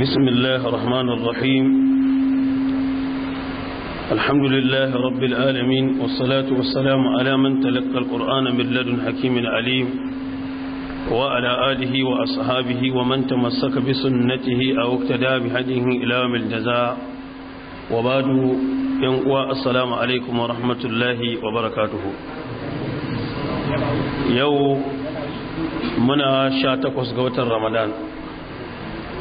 بسم الله الرحمن الرحيم الحمد لله رب العالمين والصلاة والسلام على من تلقى القرآن من لدن حكيم عليم وعلى آله وأصحابه ومن تمسك بسنته أو اقتدى بهديه إلى من الجزاء وبعد ينقوى السلام عليكم ورحمة الله وبركاته يوم منا شاتك وسقوة رمضان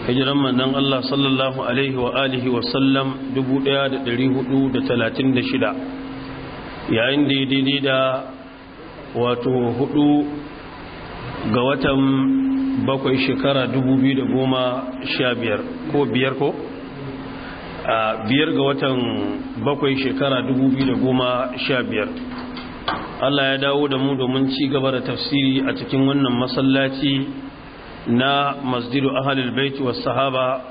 hijiran manan Allah sallallahu alaihi wa alihi wa sallam 1436 yayin da daidai da wato hudu ga watan bakwai shekara 2015 ko biyar ko a biyar ga watan bakwai shekara 2015 Allah ya dawo da mu domin ci gaba da tafsiri a cikin wannan masallaci na masjidu ahalul baiti wa sahaba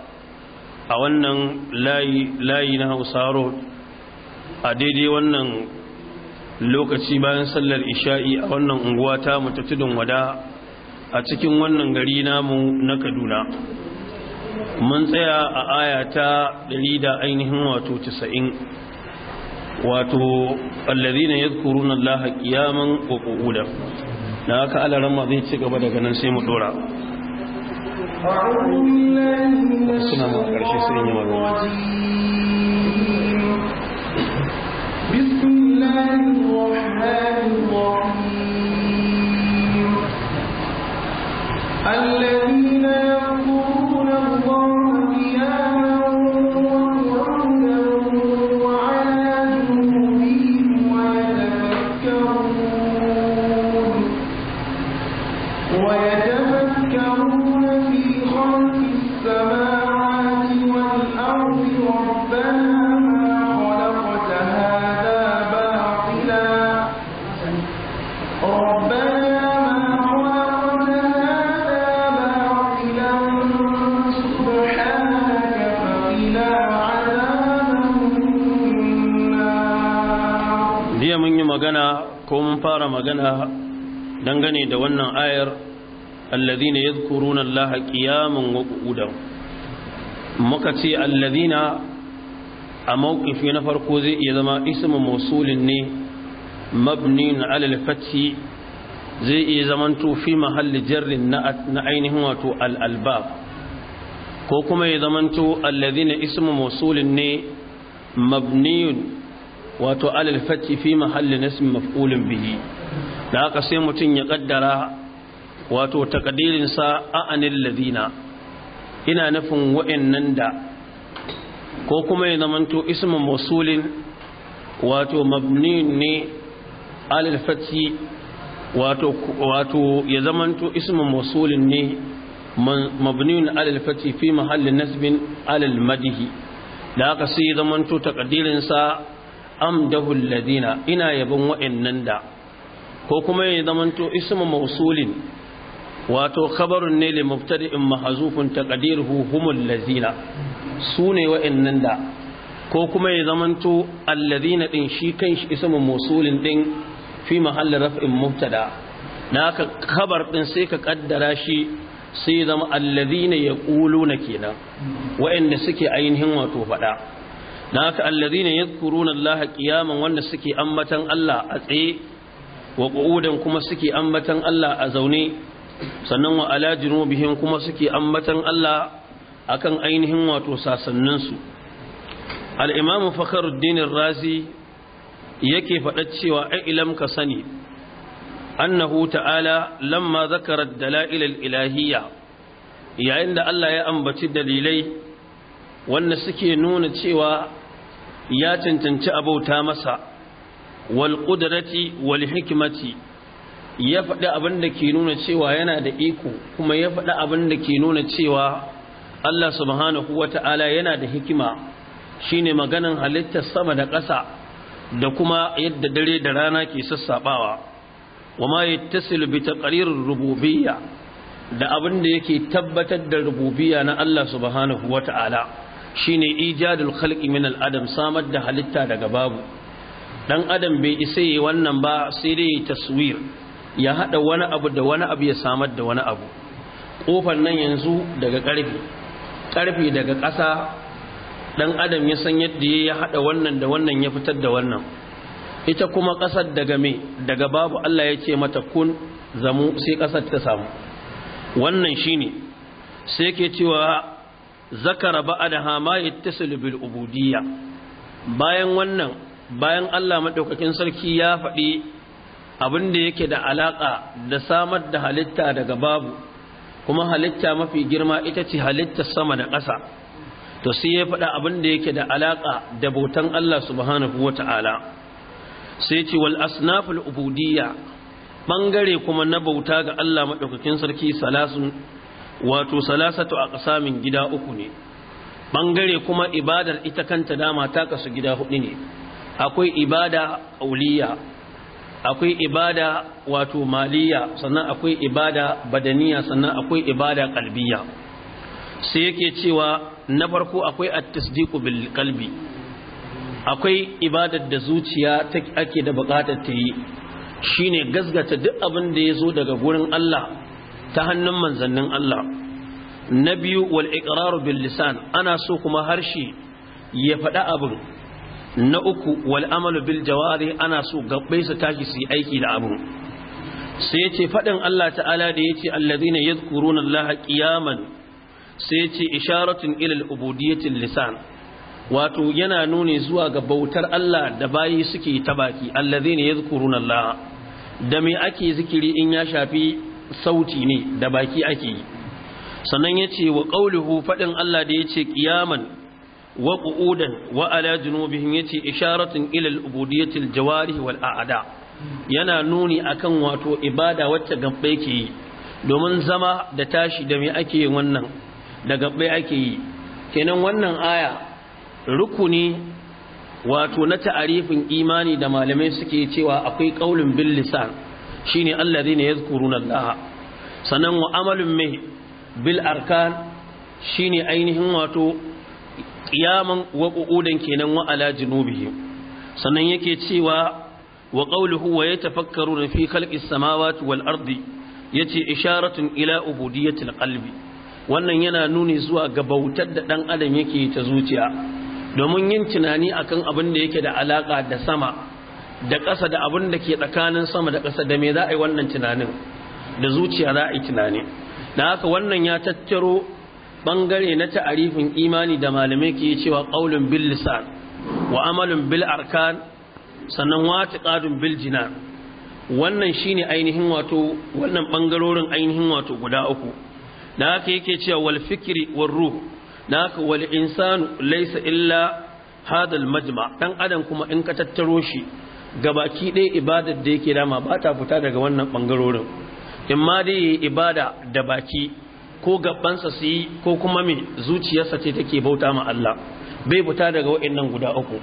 a wannan layi layi na usaro a daidai wannan lokaci bayan sallar isha'i a wannan unguwa ta tudun wada a cikin wannan gari namu na kaduna mun tsaya a aya ta ɗari da ainihin wato casa'in wato allazina yadhkuruna allaha qiyaman wa qu'udan dan haka alaran ma zai ci gaba daga nan sai mu dora suna mu karshe sun yi maroma الذين يقولون magana dangane da wannan ayar allazina yadhkuruna allaha qiyaman wa qu'udan muka ce allazina a mawqifi na farko zai iya zama ismu mausulin ne mabnin ala zai iya zamanto fi mahalli jarrin na ainihin wato al'alba ko kuma ya zamanto allazina ismu mausulin ne mabnin wato ala al-fathi fi mahalli nasb maf'ulin bihi da haka sai mutum ya kaddara wato takadirinsa anil ladina ina nufin wa'annan da ko kuma ya zamanto ismin musulin wato mabni ne alifati wato wato ya zamanto ismin musulin ne mabni alifati fi mahallin nasbin alal madihi da aka sai ya zamanto takadirinsa amdahul ladina ina yabon wa'annan da ko kuma ya zamanto ismu mausulin wato khabarun ne li mubtadi'in mahzufun taqdiruhu humul lazina sune wa'annan da ko kuma ya zamanto allazina din shi kanshi ismu mausulin din fi mahalli raf'in mubtada naka kabar din sai ka kaddara shi sai zama allazina yaquluna kenan wa'anda suke ainihin wato fada naka allazina yadhkuruna allaha qiyaman wanda suke ammatan Allah a tsaye wa ƙu'udan kuma suke ambatan Allah a zaune sannan wa ala bihin kuma suke ambatan Allah a kan ainihin wato sasannin su al-imam fakhruddin razi yake faɗa cewa ai ilam ka sani annahu ta'ala lamma zakarar dalail al-ilahiyya yayin da Allah ya ambaci dalilai wanda suke nuna cewa ya cancanci abauta masa wal qudrati wal hikmati ya faɗi abin da ke nuna cewa yana da iko kuma ya faɗi abin da ke nuna cewa Allah subhanahu wata'ala yana da hikima shine maganan halittar sama da ƙasa da kuma yadda dare da rana ke sassaɓawa wa ma yattasilu bi taqririr rububiyya da abin da yake tabbatar da rububiyya na Allah subhanahu wata'ala shine ijadul khalqi min al-adam samar da halitta daga babu dan adam bai isa yi wannan ba sai dai taswir ya hada wani abu da wani abu ya samar da wani abu kofar nan yanzu daga karfe karfe daga ƙasa dan adam ya san yadda ya hada wannan da wannan ya fitar da wannan ita kuma ƙasar daga me daga babu Allah ya ce mata kun zamu sai ƙasar ta samu wannan shine sai ke cewa zakara ba'adaha ma yattasilu bil ubudiyya bayan wannan bayan Allah maɗaukakin sarki ya faɗi abin da yake da alaƙa da samar da halitta daga babu kuma halitta mafi girma ita ce halitta sama da ƙasa to sai ya faɗa abin da yake da alaƙa da bautan Allah subhanahu wa ta'ala sai ce wal asnaful ubudiyya ɓangare kuma na bauta ga Allah maɗaukakin sarki salasun wato salasatu a ƙasamin gida uku ne ɓangare kuma ibadar ita kanta dama ta kasu gida huɗu ne akwai ibada auliya akwai ibada wato maliya sannan akwai ibada badaniya sannan akwai ibada kalbiya sai yake cewa na farko akwai at-tasdiqu bil qalbi akwai ibadar da zuciya take ake da bukatar ta yi shine gasgata duk abin da yazo daga gurin Allah ta hannun manzannin Allah na biyu wal iqraru bil lisan ana so kuma harshe ya faɗa abin na uku wal amalu bil jawari ana so gabbai su tashi su yi aiki da abu sai ya ce faɗin Allah ta'ala da ya ce allazina yadhkuruna Allah qiyaman sai ya ce isharatun ila ubudiyatin lisan wato yana nuni zuwa ga bautar Allah da bayi suke ta baki allazina yadhkuruna Allah da me ake zikiri in ya shafi sauti ne da baki ake yi sannan ya ce wa ƙaulihu faɗin Allah da ya ce ƙiyaman wa qu'udan wa ala junubihim yace isharatun ila al-ubudiyyati al wal a'da yana nuni akan wato ibada wacce gabbe ke yi domin zama da tashi da me ake yin wannan da gabbe ake yi kenan wannan aya rukuni wato na ta'arifin imani da malamai suke cewa akwai qaulun bil lisan shine alladhina na Allah sanan wa amalun mai bil arkan shine ainihin wato qiyaman wa qu'udan kenan wa ala junubihi sannan yake cewa wa qawluhu wa yatafakkaruna fi khalqi samawati wal ardi yace isharatun ila ubudiyatil qalbi wannan yana nuni zuwa ga bautar da dan adam yake ta zuciya domin yin tunani akan abin da yake da alaka da sama da ƙasa da abin da ke tsakanin sama da ƙasa da me za a yi wannan tunanin da zuciya za a yi tunani da haka wannan ya tattaro bangare na ta'arifin imani da malamai ke cewa qaulun bil lisan wa amalun bil arkan sannan ƙadun bil jinan wannan shine ainihin wato wannan bangarorin ainihin wato guda uku da haka yake cewa wal fikri war ruh da haka wal insanu laysa illa hadal majma dan adam kuma in ka tattaro shi gabaki ɗaya ibadar da yake dama ba ta fita daga wannan bangarorin in ma dai ibada da baki ko gabansa su yi ko kuma mai zuciyarsa ce take bauta ma Allah bai buta daga wa'annan guda uku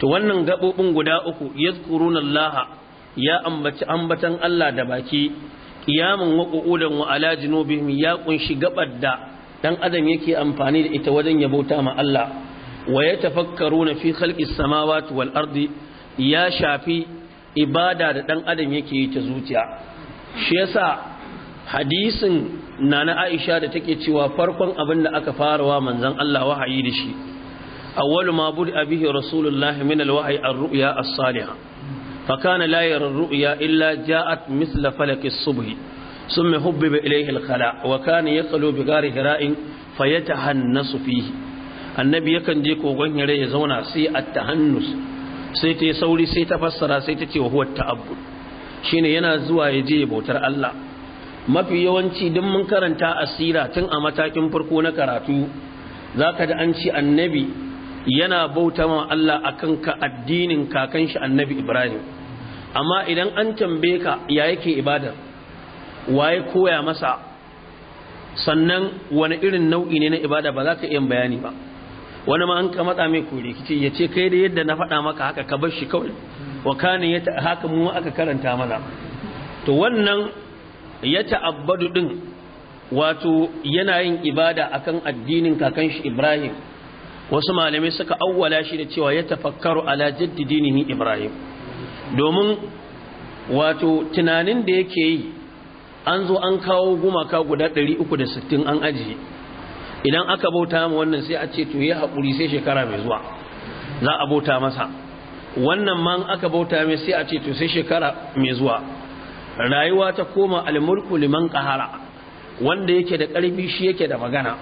to wannan gabobin guda uku yazkuruna Allah ya ambaci ambatan Allah da baki qiyamun wa qu'udan wa ala junubihim ya kunshi gabar da dan adam yake amfani da ita wajen ya bauta ma Allah wa yatafakkaruna fi khalqis samawati wal ardi ya shafi ibada da dan adam yake yi ta zuciya shi yasa hadisin nana aisha da take cewa farkon abin da aka farawa manzon Allah wahayi da shi awwalu ma budi abihi rasulullahi min alwahyi arru'ya as-salihah fa kana la yara arru'ya illa ja'at mithla falak as-subh ثم حبب إليه الخلاء وكان يقلو بغار هراء فيتهنس فيه annabi yakan je kogon hira ya zauna sai at-tahannus sai ta sauri sai ta fassara sai ta ce huwa ta'abbud shine yana zuwa ya je bautar Allah mafi yawanci duk mun karanta asira tun a matakin farko na karatu za zaka da an ce annabi yana bauta ma Allah akan ka addinin kakan shi annabi Ibrahim amma idan an tambaye ka ya yake ibadar waye koya masa sannan wani irin nau'i ne na ibada ba za ka iya bayani ba wani ma an ka matsa mai kore kici ya ce kai da yadda na faɗa maka haka ka bar shi kawai wa kana ya haka mu aka karanta mana to wannan ya ta'abbadu din wato yanayin yin ibada akan addinin kakan shi Ibrahim wasu malamai suka awwala shi da cewa ya tafakkaru ala jaddidinihi Ibrahim domin wato tunanin da yake yi an zo an kawo gumaka guda 360 an ajiye idan aka bauta mu wannan sai a ce to ya haƙuri sai shekara mai zuwa za a bauta masa wannan man aka bauta mai sai a ce to sai shekara mai zuwa rayuwa ta koma almulku liman qahara wanda yake da karfi shi yake da magana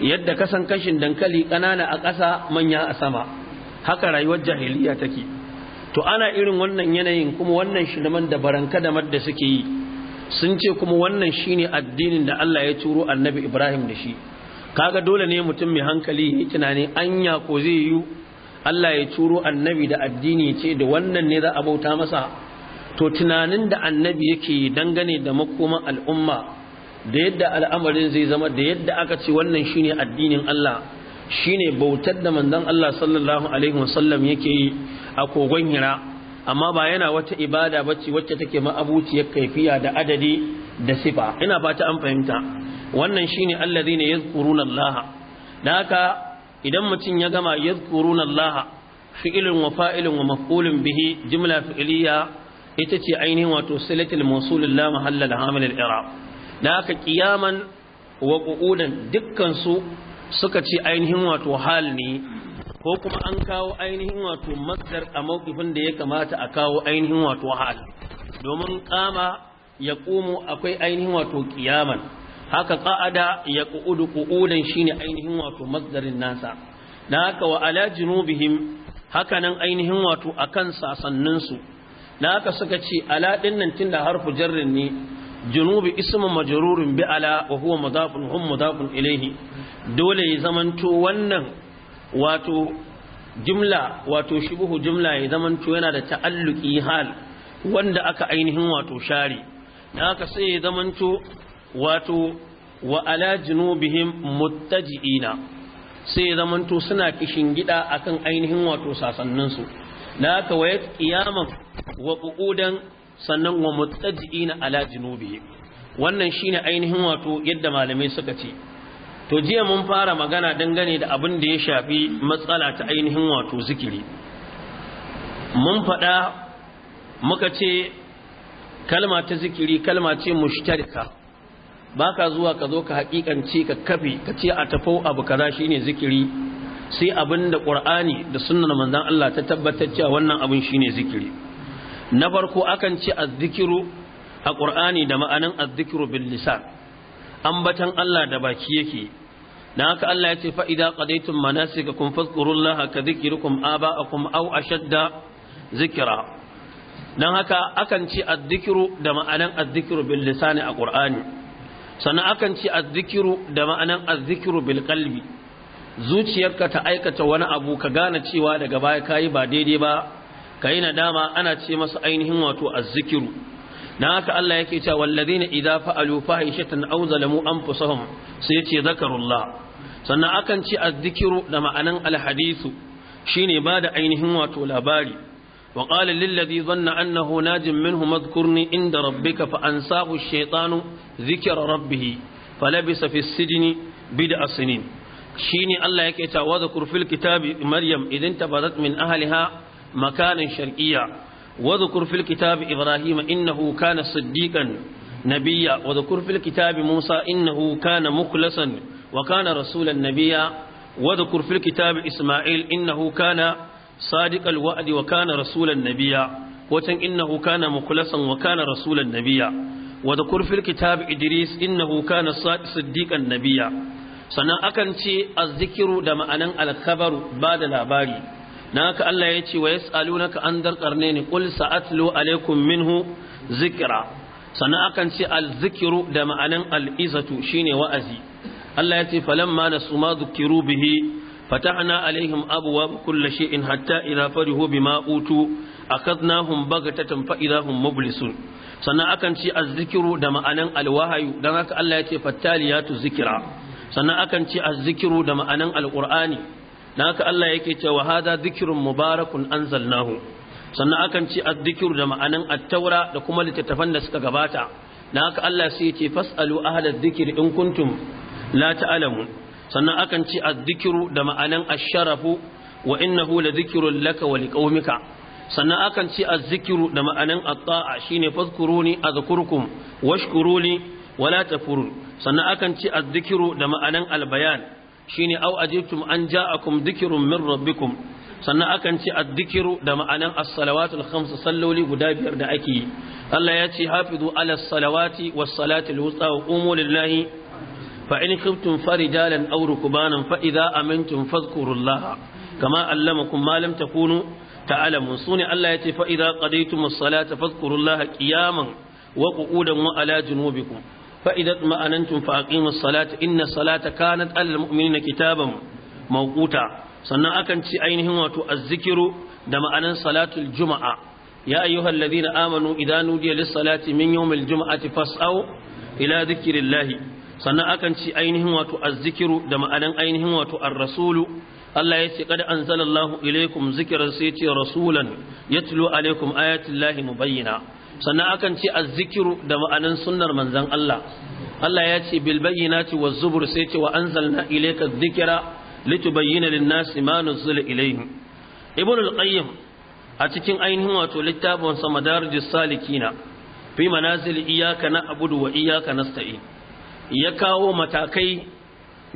yadda kasan kashin dankali kanana a ƙasa manya a sama haka rayuwar jahiliya take to ana irin wannan yanayin kuma wannan shirman da baranka da madda suke yi sun ce kuma wannan shine addinin da Allah ya turo annabi Ibrahim da shi kaga dole ne mutum mai hankali ya tunani anya ko zai yi Allah ya turo annabi da addini ce da wannan ne za a bauta masa to tunanin da annabi yake dangane da makoman al'umma da yadda al'amarin zai zama da yadda aka ce wannan shine addinin Allah shine bautar da manzon Allah sallallahu alaihi wasallam yake yi a kogon hira amma ba yana wata ibada ba ce, wacce take ma'abuciyar kaifiya da adadi da sifa ina fata an fahimta wannan shine alladhina yadhkuruna Allah da haka idan mutum ya gama yadhkuruna Allah fi'ilun wa fa'ilun wa maf'ulun bihi jumla fi'liya ita ce ainihin wato silatul mawsulul la mahallal hamilil i'rab da haka qiyaman wa qu'udan dukkan su suka ce ainihin wato hal ne ko kuma an kawo ainihin wato masdar a mawqifin da ya kamata a kawo ainihin wato hal domin ya yaqumu akwai ainihin wato qiyaman haka ya yaqudu qu'udan shine ainihin wato masdarin nasa da haka wa ala junubihim haka nan ainihin wato akan sasanninsu na aka suka ce ala din nan da harfu jarrin ne junubi ismu majarurin bi ala wa huwa mudafun hum mudafun ilayhi dole ya zamanto wannan wato jumla wato shubuhu jumla ya zamanto yana da ta'alluki hal wanda aka ainihin wato share na aka sai ya zamanto wato wa ala junubihim muttaji'ina sai ya zamanto suna kishin gida akan ainihin wato sasanninsu na haka wa qiyaman wa qu'udan sannan wa mutajjiina ala junubi wannan shine ainihin wato yadda malamai suka ce to jiya mun fara magana dangane da abin da ya shafi matsala ta ainihin wato zikiri mun faɗa muka ce kalma ta zikiri kalma ce mushtarika baka zuwa ka zo ka hakikance ka kafe ka ce a tafau abu kaza shine zikiri sai abin da ƙur'ani da suna manzan Allah ta tabbatar cewa wannan abin shine zikiri na farko akan ce azzikiru a ƙur'ani da ma'anin azzikiru bil lisan ambatan Allah da baki yake dan haka Allah ya ce fa idza qadaytum manasikakum fadhkurullaha ka dhikrikum aba'akum aw ashadda zikra dan haka akan ce azzikiru da ma'anan azzikiru bil ne a ƙur'ani sannan akan ce azzikiru da ma'anan azzikiru bil qalbi zuciyarka ta aikata wani abu ka gane cewa daga baya kayi ba daidai ba ka yi nadama ana ce masa ainihin wato azzikiru na haka Allah yake cewa na idza fa'alu fahishatan aw zalamu anfusahum sai yace zakarullah sannan akan ce azzikiru da ma'anan alhadisu shine ba da ainihin wato labari wa qala lil ladhi dhanna annahu najim minhu madhkurni inda rabbika fa ansahu ash-shaytanu dhikra rabbih falabisa fi as-sijni bid'a sinin shine Allah yake ta wa zakur fil kitabi maryam idan tabadat min ahliha makanan sharqiyya wa zakur fil kitabi ibrahima innahu kana siddiqan nabiyya wa zakur fil kitabi musa innahu kana mukhlasan wa kana rasulan nabiyya wa zakur fil kitabi isma'il innahu kana sadiqal wa'di wa kana rasulan nabiyya watan innahu kana mukhlasan wa kana rasulan nabiyya wa zakur fil kitabi idris innahu kana siddiqan nabiyya sannan akan ce azzikiru da ma'anan alkhabaru ba da labari na haka Allah ya ce wa yas'alunaka an darqarne ni qul sa'atlu alaikum minhu Zikira. sannan akan ce alzikiru da ma'anan al'izatu shine wa'azi Allah ya ce falamma nasu suma zikiru bihi فتحنا عليهم أبواب كل in hatta إذا فرحوا بما أوتوا أخذناهم بغتة فإذا هم مبلسون sannan akan ce azzikiru da ma'anan alwahayu Dan haka Allah ya ce fattaliyatu zikira sannan akan ce azzikiru da ma'anan alqur'ani Na haka Allah yake cewa hada zikirin mubarakun anzalnahu sannan akan ce azzikiru da ma'anan Attaura da kuma littattafan da suka gabata Na haka Allah sai ya ce fasalu ahla dhikri in kuntum la ta'lamun sannan akan ce azzikiru da ma'anan asharafu sharafu wa innahu ladhikrun laka wa liqaumika sannan akan ce azzikiru da ma'anan atta'a shine fazkuruni azkurkum washkuruni wala tafurun sannan akan ci azzikiru da ma'anan albayan shine au ajibtum an ja'akum dhikrun min rabbikum sannan akan ci azzikiru da ma'anan as-salawatul khams salloli guda biyar da ake yi Allah ya ce hafizu ala salawati was salatil wusta wa qumu lillahi fa in khiftum farijalan aw rukbanan fa idza amintum fadhkurullah kama allamakum ma lam takunu ta'lamun sune Allah ya ce fa idza qadaytumus salata fadhkurullaha qiyaman wa qu'udan wa ala junubikum فإذا اطمأننتم فأقيموا الصلاة إن الصلاة كانت على na كتابا موقوتا sannan akan ci ainihin wato azzikiru da ma'anar salatul juma'a ya ayyuhal ladina amanu idan nudiya lis salati min yawmil juma'ati fas'au ila dhikrillahi sannan akan ci ainihin wato azzikiru da ma'anar ainihin wato ar-rasulu Allah ya ce kada anzalallahu ilaikum zikran sai ya tulo yatlu alaikum mu mubayyana sannan akan ce azzikiru da ma'anin sunnar Manzan Allah Allah ya ce bil bayyinati waz zubur sai ce wa anzalna ilayka dhikra litubayyana lin-nasi ma nuzila ilayhi ibn al-qayyim a cikin ainihin wato littafin sa madarijus salikina fi manazil iyyaka na'budu wa iyyaka nasta'in ya kawo matakai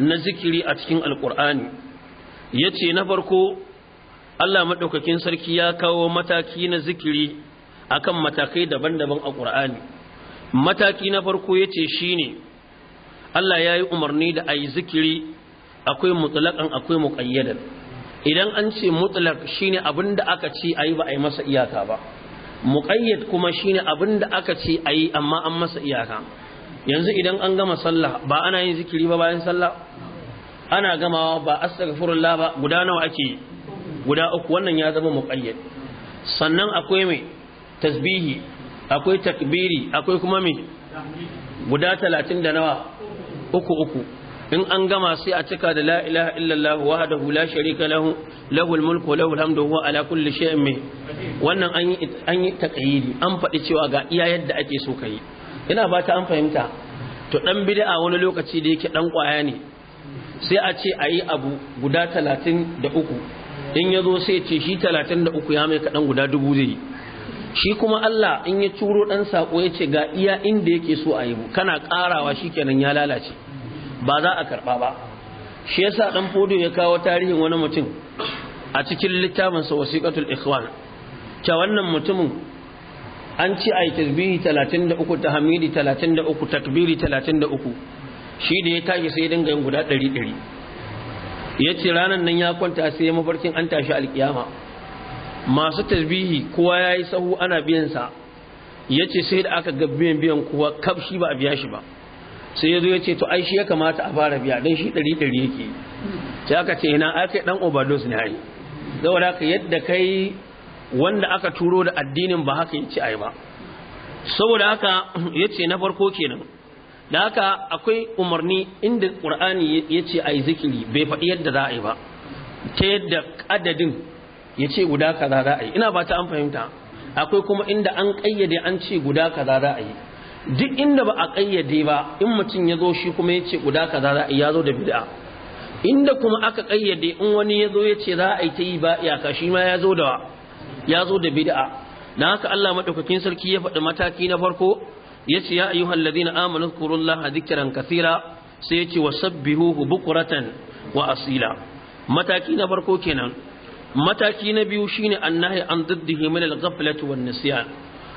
na zikiri a cikin alqur'ani yace na farko Allah madaukakin sarki ya kawo mataki na zikiri akan matakai daban-daban a ƙur'ani mataki na farko ya ce shi ne Allah ya yi umarni da a yi zikiri akwai mutulakan akwai muƙayyadar idan an ce mutulak shi ne abin da aka ce a yi ba a yi masa iyaka ba muƙayyad kuma shi ne abin da aka ce a yi amma an masa iyaka yanzu idan an gama sallah ba ana yin zikiri ba bayan sallah ana gamawa ba astaghfirullah ba guda nawa ake guda uku wannan ya zama muƙayyad sannan akwai mai tasbihi akwai takbiri akwai kuma me guda talatin da nawa uku uku in an gama sai a cika da la ilaha illallah wahdahu la sharika lahu lahul mulku lahul hamdu wa ala kulli shay'in min wannan an yi an yi an faɗi cewa ga iya yadda ake so kai ina ba ta an fahimta to dan bid'a wani lokaci da yake dan kwaya ne sai a ce a ayi abu guda da uku. in yazo sai ce shi uku ya mai kaɗan guda dubu zai shi kuma Allah in ya turo dan sako ya ce ga iya inda yake so a yi kana karawa kenan ya lalace ba za a karba ba shi yasa dan fodo ya kawo tarihin wani mutum a cikin littafin sa wasiqatul ikhwan ta wannan mutumin an ci ayi tasbihi 33 tahmidi 33 takbiri 33 shi da ya tashi sai dinga yin guda 100 100 yace ranan nan ya kwanta sai mafarkin an tashi alkiyama masu tasbihi kowa ya yi sahu ana biyansa ya ce sai da aka ga biyan biyan kowa kaf shi ba a biya shi ba sai ya zo ya ce to ai shi ya kamata a fara biya don shi ɗari ɗari yake sai aka ce ina aka ɗan overdose ne ai saboda haka yadda kai wanda aka turo da addinin ba haka yace ai ba saboda haka yace na farko kenan da haka akwai umarni inda qur'ani yace ai zikiri bai faɗi yadda za a yi ba ta yadda adadin ya ce guda kaza za a yi ina ba ta an fahimta akwai kuma inda an kayyade an ce guda kaza za a yi duk inda ba a kayyade ba in mutum ya zo shi kuma ya ce guda kaza za a yi ya zo da bid'a inda kuma aka kayyade in wani ya zo ya ce za a yi ta yi ba iyaka shi ma ya zo da ya da bid'a na haka Allah madaukakin sarki ya faɗi mataki na farko ya ce ya ayyuhal ladina amanu laha dhikran kasira sai ya ce wasabbihuhu bukuratan wa asila mataki na farko kenan mataki na biyu shine annahi an diddihi min al-ghaflati wan nisyan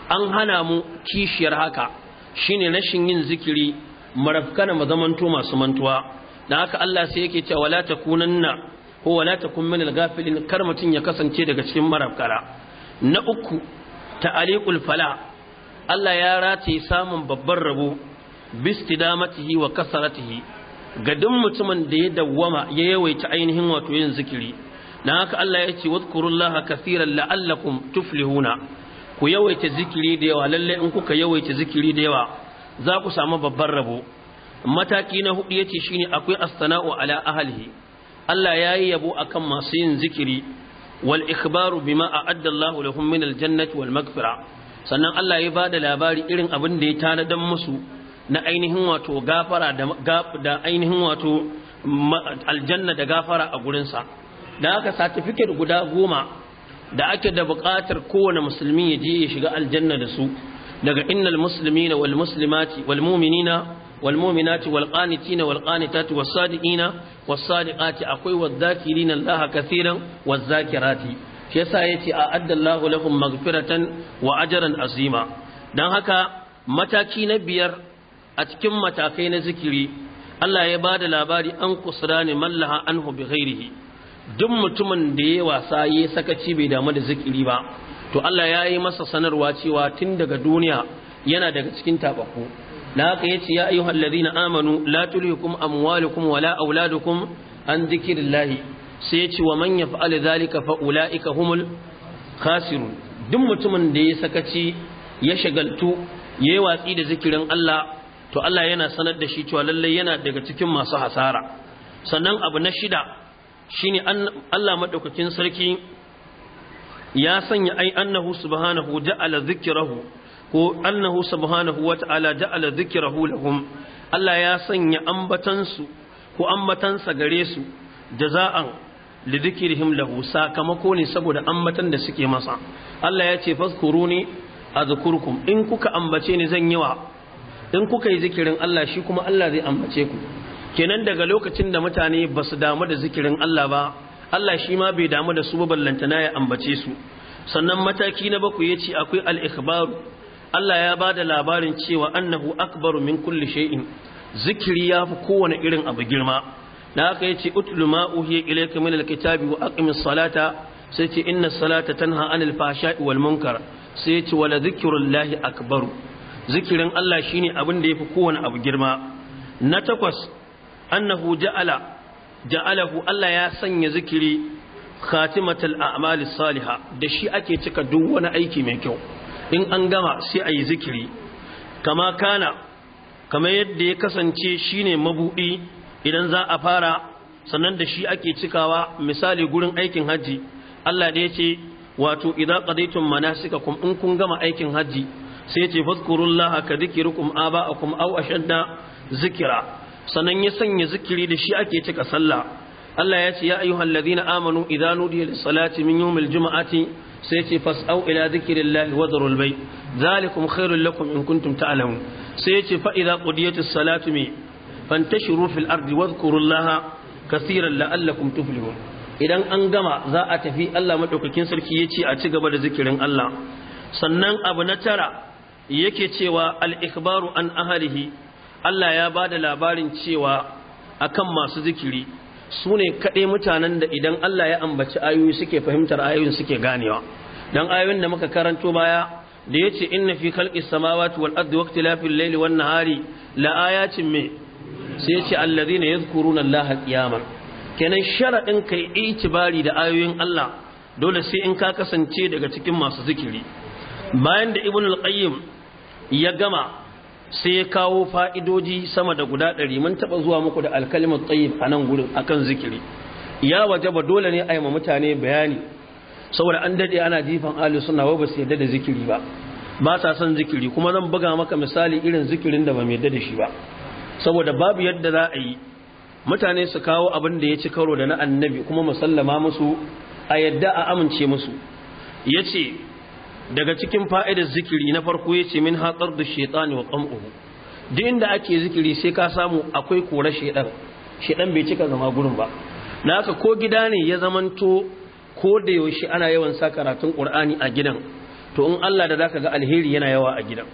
an hana mu kishiyar haka shine rashin yin zikiri marafkana mu masu mantuwa dan haka Allah sai yake cewa la takunanna ko wala takun min al-ghafilin kar mutun ya kasance daga cikin marafkara na uku ta'aliqul fala Allah ya rataye samun babban rabo bistidamatihi wa kasaratihi ga duk mutumin da ya dawwama ya yawaita ainihin wato yin zikiri Na haka Allah ya ce wadkurullaha kaseeran la'allakum tuflihuna ku yawaita zikiri da yawa lalle in kuka yawaita zikiri da yawa za ku samu babban rabo mataki na hudu yace shine akwai astana'u ala ahlihi Allah yayi yabo akan masu yin zikiri wal ikhbaru bima a'adda Allahu lahum min al jannati wal maghfira sannan Allah ya bada labari irin abin da ya tanadan musu na ainihin wato gafara da ainihin wato aljanna da gafara a gurinsa da aka satifiket guda goma da ake da buƙatar kowane musulmi ya je ya shiga aljanna da su daga innal muslimina wal muslimati wal mu'minina wal mu'minati wal wal sadiqina wa sadiqati akwai wadh-dhakirina laha kaseeran wadh-dhakirati shi yasa yace a addallahu lahum maghfiratan wa ajran azima dan haka mataki na biyar a cikin matakai na zikiri Allah ya ba da labari an kusrani mallaha anhu bi ghairihi duk mutumin da ya wasa ya sakaci bai damu da zikiri ba to Allah ya yi masa sanarwa cewa tun daga duniya yana daga cikin tabakku da haka ya ce ya ayyuhal ladina amanu la tulhikum amwalukum wala auladukum an dhikrillahi sai ya ce wa man yaf'al zalika fa humul Kasiru. duk mutumin da ya sakaci ya shagaltu yayi watsi da zikirin Allah to Allah yana sanar da shi cewa lallai yana daga cikin masu hasara sannan abu na shida ne Allah maɗaukakin sarki ya sanya ai annahu subhanahu ja'ala zikirahu ko annahu subhanahu wata'ala ja'ala zikirahu lahum Allah ya sanya ambatansu ko ambatansa gare su jaza'an zikirihim lahu sakamako ne saboda ambatan da suke masa Allah ya ce fazkuruni azkurkum in kuka ambace ni zan yi wa in kuka yi zikirin Allah shi kuma Allah zai ambace ku kenan daga lokacin da mutane ba su damu da zikirin Allah ba Allah shi ma bai damu da su ba lantana ya ambace su sannan mataki na bakwai ya ce akwai al'ikbaru Allah ya ba da labarin cewa annahu akbaru min kulli shay'in zikiri ya fi kowane irin abu girma na haka ya ce utlu ma uhiya min alkitabi wa aqimis salata sai ce inna salata tanha anil fahsha'i wal munkar sai ya ce wala zikrullahi akbaru zikirin Allah shine abin da yafi kowane abu girma na takwas annahu ja'ala ja'alahu Allah ya sanya zikiri khatimatul a'mali salihah da shi ake cika duk wani aiki mai kyau in an gama sai a yi zikiri kama kana kama yadda ya kasance shine mabudi idan za a fara sannan da shi ake cikawa misali gurin aikin haji Allah da ya ce wato idan qadaytum manasikakum in kun gama aikin haji sai ya ce fadhkurullaha ka dhikrukum aba'akum aw ashadda zikira sannan ya sanya zikiri da shi ake cika sallah Allah ya ce ya ayyuhal ladina amanu idza nudiya lis salati min yawmil jumu'ati sai ya ce fas'au ila zikrillahi wa dharul bay zalikum khairul lakum in kuntum ta'lamun sai ya ce fa idza qudiyatis salatu mi fantashiru fil ardi wadhkurullaha kaseeran la'allakum tuflihun idan an gama za a tafi Allah madaukakin sarki ya ce a ci gaba da zikirin Allah sannan abu na tara yake cewa al-ikhbaru an ahlihi Allah ya ba da labarin cewa akan masu zikiri su ne kaɗai mutanen da idan Allah ya ambaci ayoyi suke fahimtar ayoyin suke ganewa Don ayoyin da muka karanto baya da ya ce inna fi kalƙi samawati wal ardi Waqti, ikhtilafil layli wan nahari la ayatin me sai ya ce alladhina yadhkuruna Allah qiyaman kenan sharadin kai itibari da ayoyin Allah dole sai in ka kasance daga cikin masu zikiri bayan da ibn al-qayyim ya gama sai ya kawo fa'idoji sama da guda ɗari mun taɓa zuwa muku da alkalimar tsayib a nan gurin akan zikiri ya waje ba dole ne a yi ma mutane bayani saboda an daɗe ana jifan alu suna wai ba su yadda da zikiri ba ba sa son zikiri kuma zan buga maka misali irin zikirin da ba mai da shi ba saboda babu yadda za a yi mutane su kawo abin da ya ci karo da na annabi kuma musallama musu a yadda a amince musu ya ce daga cikin fa'idar zikiri na farko ya ce min hatsar da shaitan wa ƙam'uhu duk inda ake zikiri sai ka samu akwai kora shaidan shaidan bai cika zama gurin ba na haka ko gida ne ya zamanto ko da yaushe ana yawan sa karatun ƙur'ani a gidan to in Allah da zaka ga alheri yana yawa a gidan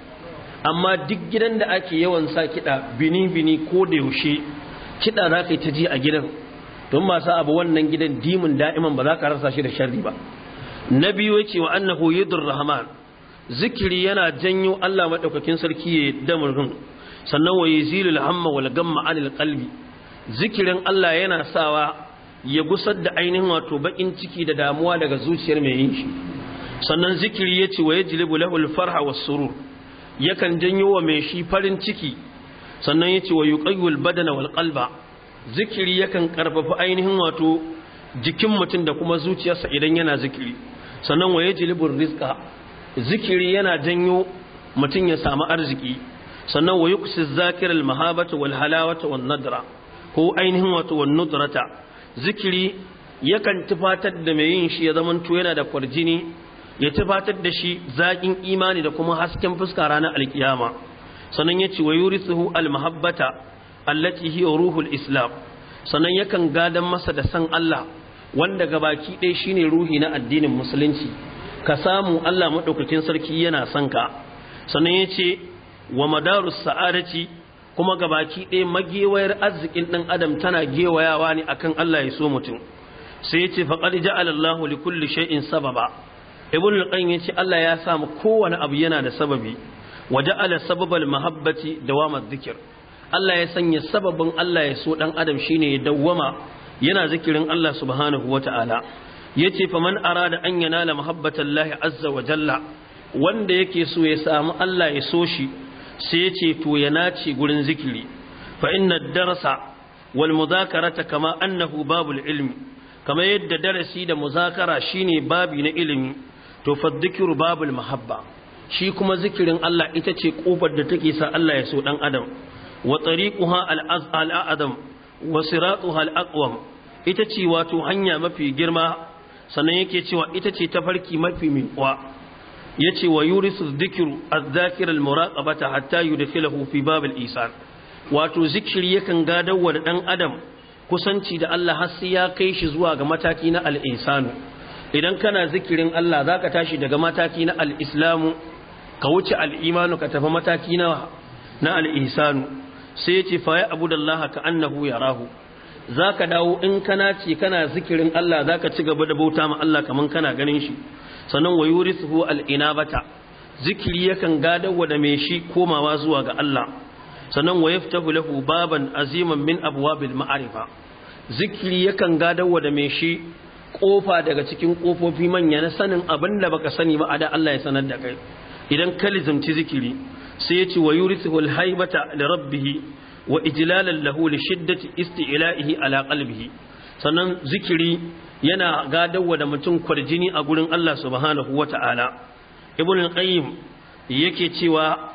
amma duk gidan da ake yawan sa kiɗa bini bini ko da yaushe kiɗa za ka yi ta ji a gidan don masu abu wannan gidan dimin da'iman ba za ka rasa shi da sharri ba na biyu yake wa annahu yudur rahman zikiri yana janyo Allah madaukakin sarki ya damurin sannan wa yazilul hamma wal gamma anil qalbi zikirin Allah yana sawa ya gusar da ainihin wato bakin ciki da damuwa daga zuciyar mai yin shi sannan zikiri yace wa yajlibu lahul farha was surur yakan janyo wa mai shi farin ciki sannan yace wa yuqayyul badana wal qalba zikiri yakan karfafa ainihin wato jikin mutum da kuma zuciyarsa idan yana zikiri sannan waye jilibur rizqa zikiri yana janyo mutum ya samu arziki sannan waye yuksi zakir al mahabata wal halawata wan nadra ko ainihin wato wan nadrata zikiri yakan tufatar da mai yin shi ya zamanto yana da kwarjini ya tufatar da shi zaƙin imani da kuma hasken fuska ranar alkiyama sannan ya ce wa al mahabbata allati hiya ruhul islam sannan yakan gadan masa da san Allah wanda gabaki ɗaya shine ruhi na addinin musulunci ka samu Allah maɗaukakin sarki yana son ka sannan ya ce wa madarus sa'adaci kuma gabaki ɗaya magewayar arzikin ɗan adam tana gewayawa ne akan Allah ya so mutum sai ya ce faƙar ja'ala Allahu li kulli sababa ibn al ya ce Allah ya samu kowane abu yana da sababi wa ja'ala sababal mahabbati dawama dhikr Allah ya sanya sababin Allah ya so ɗan adam shine ya dawwama yana zikirin Allah subhanahu wata'ala yace faman arada an yanala mahabbatallahi azza wa jalla wanda yake so ya samu Allah ya so shi sai yace to ya nace gurin zikiri fa inna darasa wal muzakarata kama annahu babul ilmi kama yadda darasi da muzakara shine babi na ilimi to fa dhikru babul mahabba shi kuma zikirin Allah ita ce kofar da take sa Allah ya so dan adam wa tariquha al-azam wa siratuha al-aqwam ita ce wato hanya mafi girma sannan yake cewa ita ce tafarki mafi miƙwa yace wa yurisu dhikru adh-dhakir al-muraqabata hatta yudkhilahu fi bab al-isan wato zikiri yakan gadawa da dan adam kusanci da Allah har sai ya kai shi zuwa ga mataki na al idan kana zikirin Allah zaka tashi daga mataki na al-islamu ka wuce al-imanu ka tafi mataki na na al-insanu sai ya ce fa ya Allah ka annahu yarahu ka dawo in kana ce kana zikirin Allah Za ka ci gaba da bauta ma Allah kaman kana ganin shi sannan wa yurisuhu ba ta. zikiri yakan gadawa da mai shi komawa zuwa ga Allah sannan wa yaftahu lahu baban aziman min abwabil ma'arifa zikiri yakan gadawa da mai shi kofa daga cikin kofofi manya na sanin abin da baka sani ba a da Allah ya sanar da kai idan ka lizumci zikiri sai ya ce wa yurithu da li rabbih wa ijlalan lahu li shiddati isti'la'ihi ala qalbihi sannan zikiri yana gadawa da mutum kwarjini a gurin Allah subhanahu ta'ala ibn al-qayyim yake cewa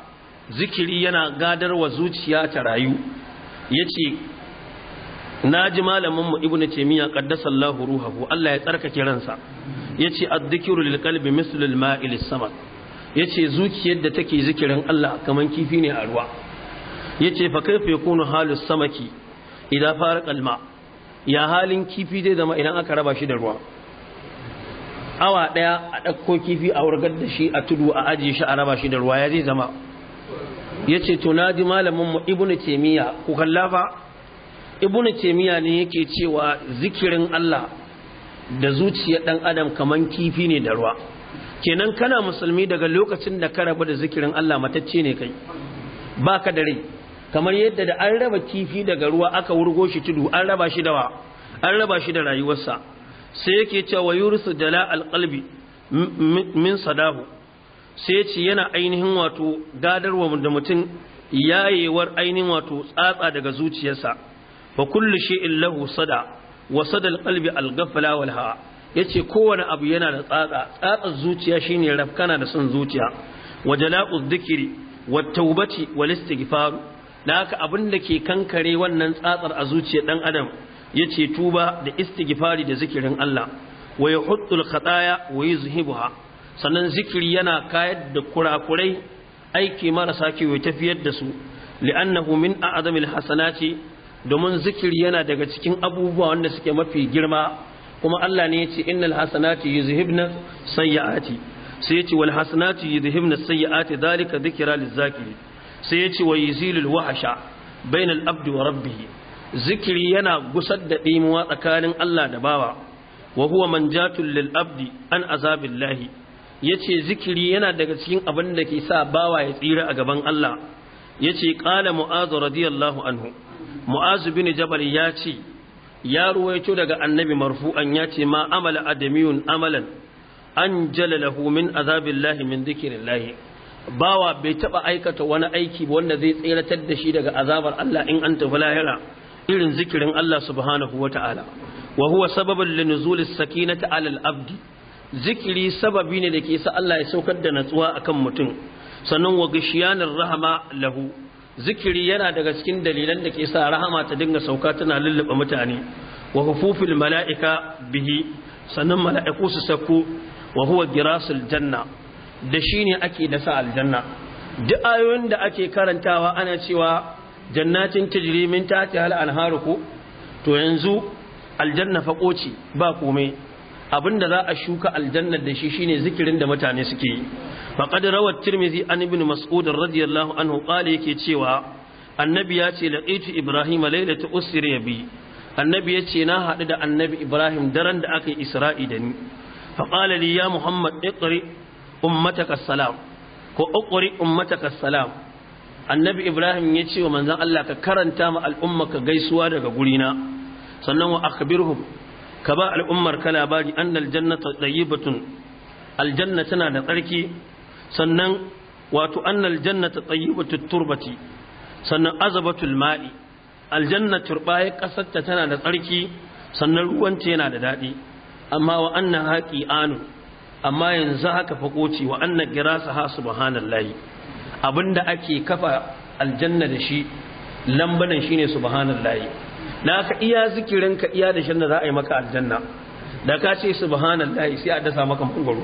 zikiri yana gadar wa zuciya ta rayu yace na ji malaminmu ibn taimiyya qaddasallahu ruhahu Allah ya tsarkake ransa yace ad-dhikru lil qalbi mislu al-ma'i lis-samak yace zuciyar da take zikirin Allah kaman kifi ne a ruwa yace fa kaifa yakunu halus samaki idan fara kalma? ya halin kifi zai zama idan aka raba shi da ruwa awa daya a dakko kifi a wurgar da shi a tudu a ajiye shi a raba shi da ruwa ya zai zama yace to naji malamin mu ibnu taymiya ku kallafa ibnu taymiya ne yake cewa zikirin Allah da zuciyar dan adam kaman kifi ne da ruwa kenan kana musulmi daga lokacin da ka rabu da zikirin Allah matacce ne kai Ba ka da rai kamar yadda da an raba kifi daga ruwa aka wurgo shi tudu an raba shi da wa an raba shi da rayuwarsa sai yake cewa yurisu dala alqalbi min sadahu sai ce yana ainihin wato gadarwa da mutum yayewar ainihin wato tsatsa daga zuciyarsa fa kullu shay'in lahu sada wa sada alqalbi alghafla wal hawa yace kowane abu yana da tsatsa tsatsar zuciya shine rafkana da son zuciya wajala'uz dhikri wat tawbati wal istighfar da haka abin da ke kankare wannan tsatsar a zuciya ɗan adam ya ce tuba da istigifari da zikirin Allah wa ya hudul khataya wa zuhibuha sannan zikiri yana kayar da kurakurai aiki marasa kiwo tafiyar da su li'annahu min a'zamil ce domin zikiri yana daga cikin abubuwa wanda suke mafi girma kuma Allah ne ya ce innal hasanati yuzhibna sayyiati sai ya ce wal hasanati yuzhibna sayyiati dalika dhikra lizakiri sai ya ce wa yuzilul wahsha bainal abdi wa rabbih zikiri yana gusar da dimuwa tsakanin Allah da bawa wa huwa manjatul lil abdi an azabillahi yace zikiri yana daga cikin abin da ke sa bawa ya tsira a gaban Allah yace qala mu'az radiyallahu anhu mu'az bin jabal ya ce ya ruwaito daga annabi marfu'an ya ce ma amala adamiyun amalan an lahu min azabillahi min lahi. bawa bai taba aikata wani aiki wanda zai tseratar da shi daga azabar Allah in an tafi lahira irin zikirin Allah subhanahu wata'ala wa huwa sababul linuzulis sakinati alal abdi zikiri sababi ne da ke sa Allah ya saukar da natsuwa akan mutum sannan wa gishiyanin rahama lahu zikiri yana daga cikin dalilan da ke sa rahama ta dinga sauka tana lullube mutane wa hufufil mala'ika bihi sannan mala'iku su sako wa huwa girasul janna da shine ake dasa aljanna duk ayoyin da ake karantawa ana cewa jannatin tajri min tahtiha al-anharu ku to yanzu aljanna faƙoci ba komai abinda za a shuka aljanna da shi shine zikirin da mutane suke yi faqad rawa tirmizi an ibn mas'ud radiyallahu anhu qala yake cewa annabi ya ce laqitu ibrahim lailatu usri bi annabi ya ce na haɗu da annabi ibrahim daren da aka yi isra'i da ni faqala li ya muhammad iqri ummataka salam ko uqri ummataka salam annabi ibrahim ya ce wa manzon Allah ka karanta ma al'umma ka gaisuwa daga gurina sannan wa akhbirhum ka ba al'ummar ka labari annal jannata tayyibatun aljanna tana da tsarki sannan wato annal jannata tsayyibatu turbati sannan azabatul ma'i aljanna turbaye ƙasarta tana da tsarki sannan ruwanta yana da daɗi amma wa anna haƙi anu amma yanzu haka fakoci wa anna su ha subhanallahi abinda ake kafa aljanna da shi lambanan shine subhanallahi na ka iya zikirin ka iya da da za a yi maka aljanna da ka ce subhanallahi sai a dasa maka mangwaro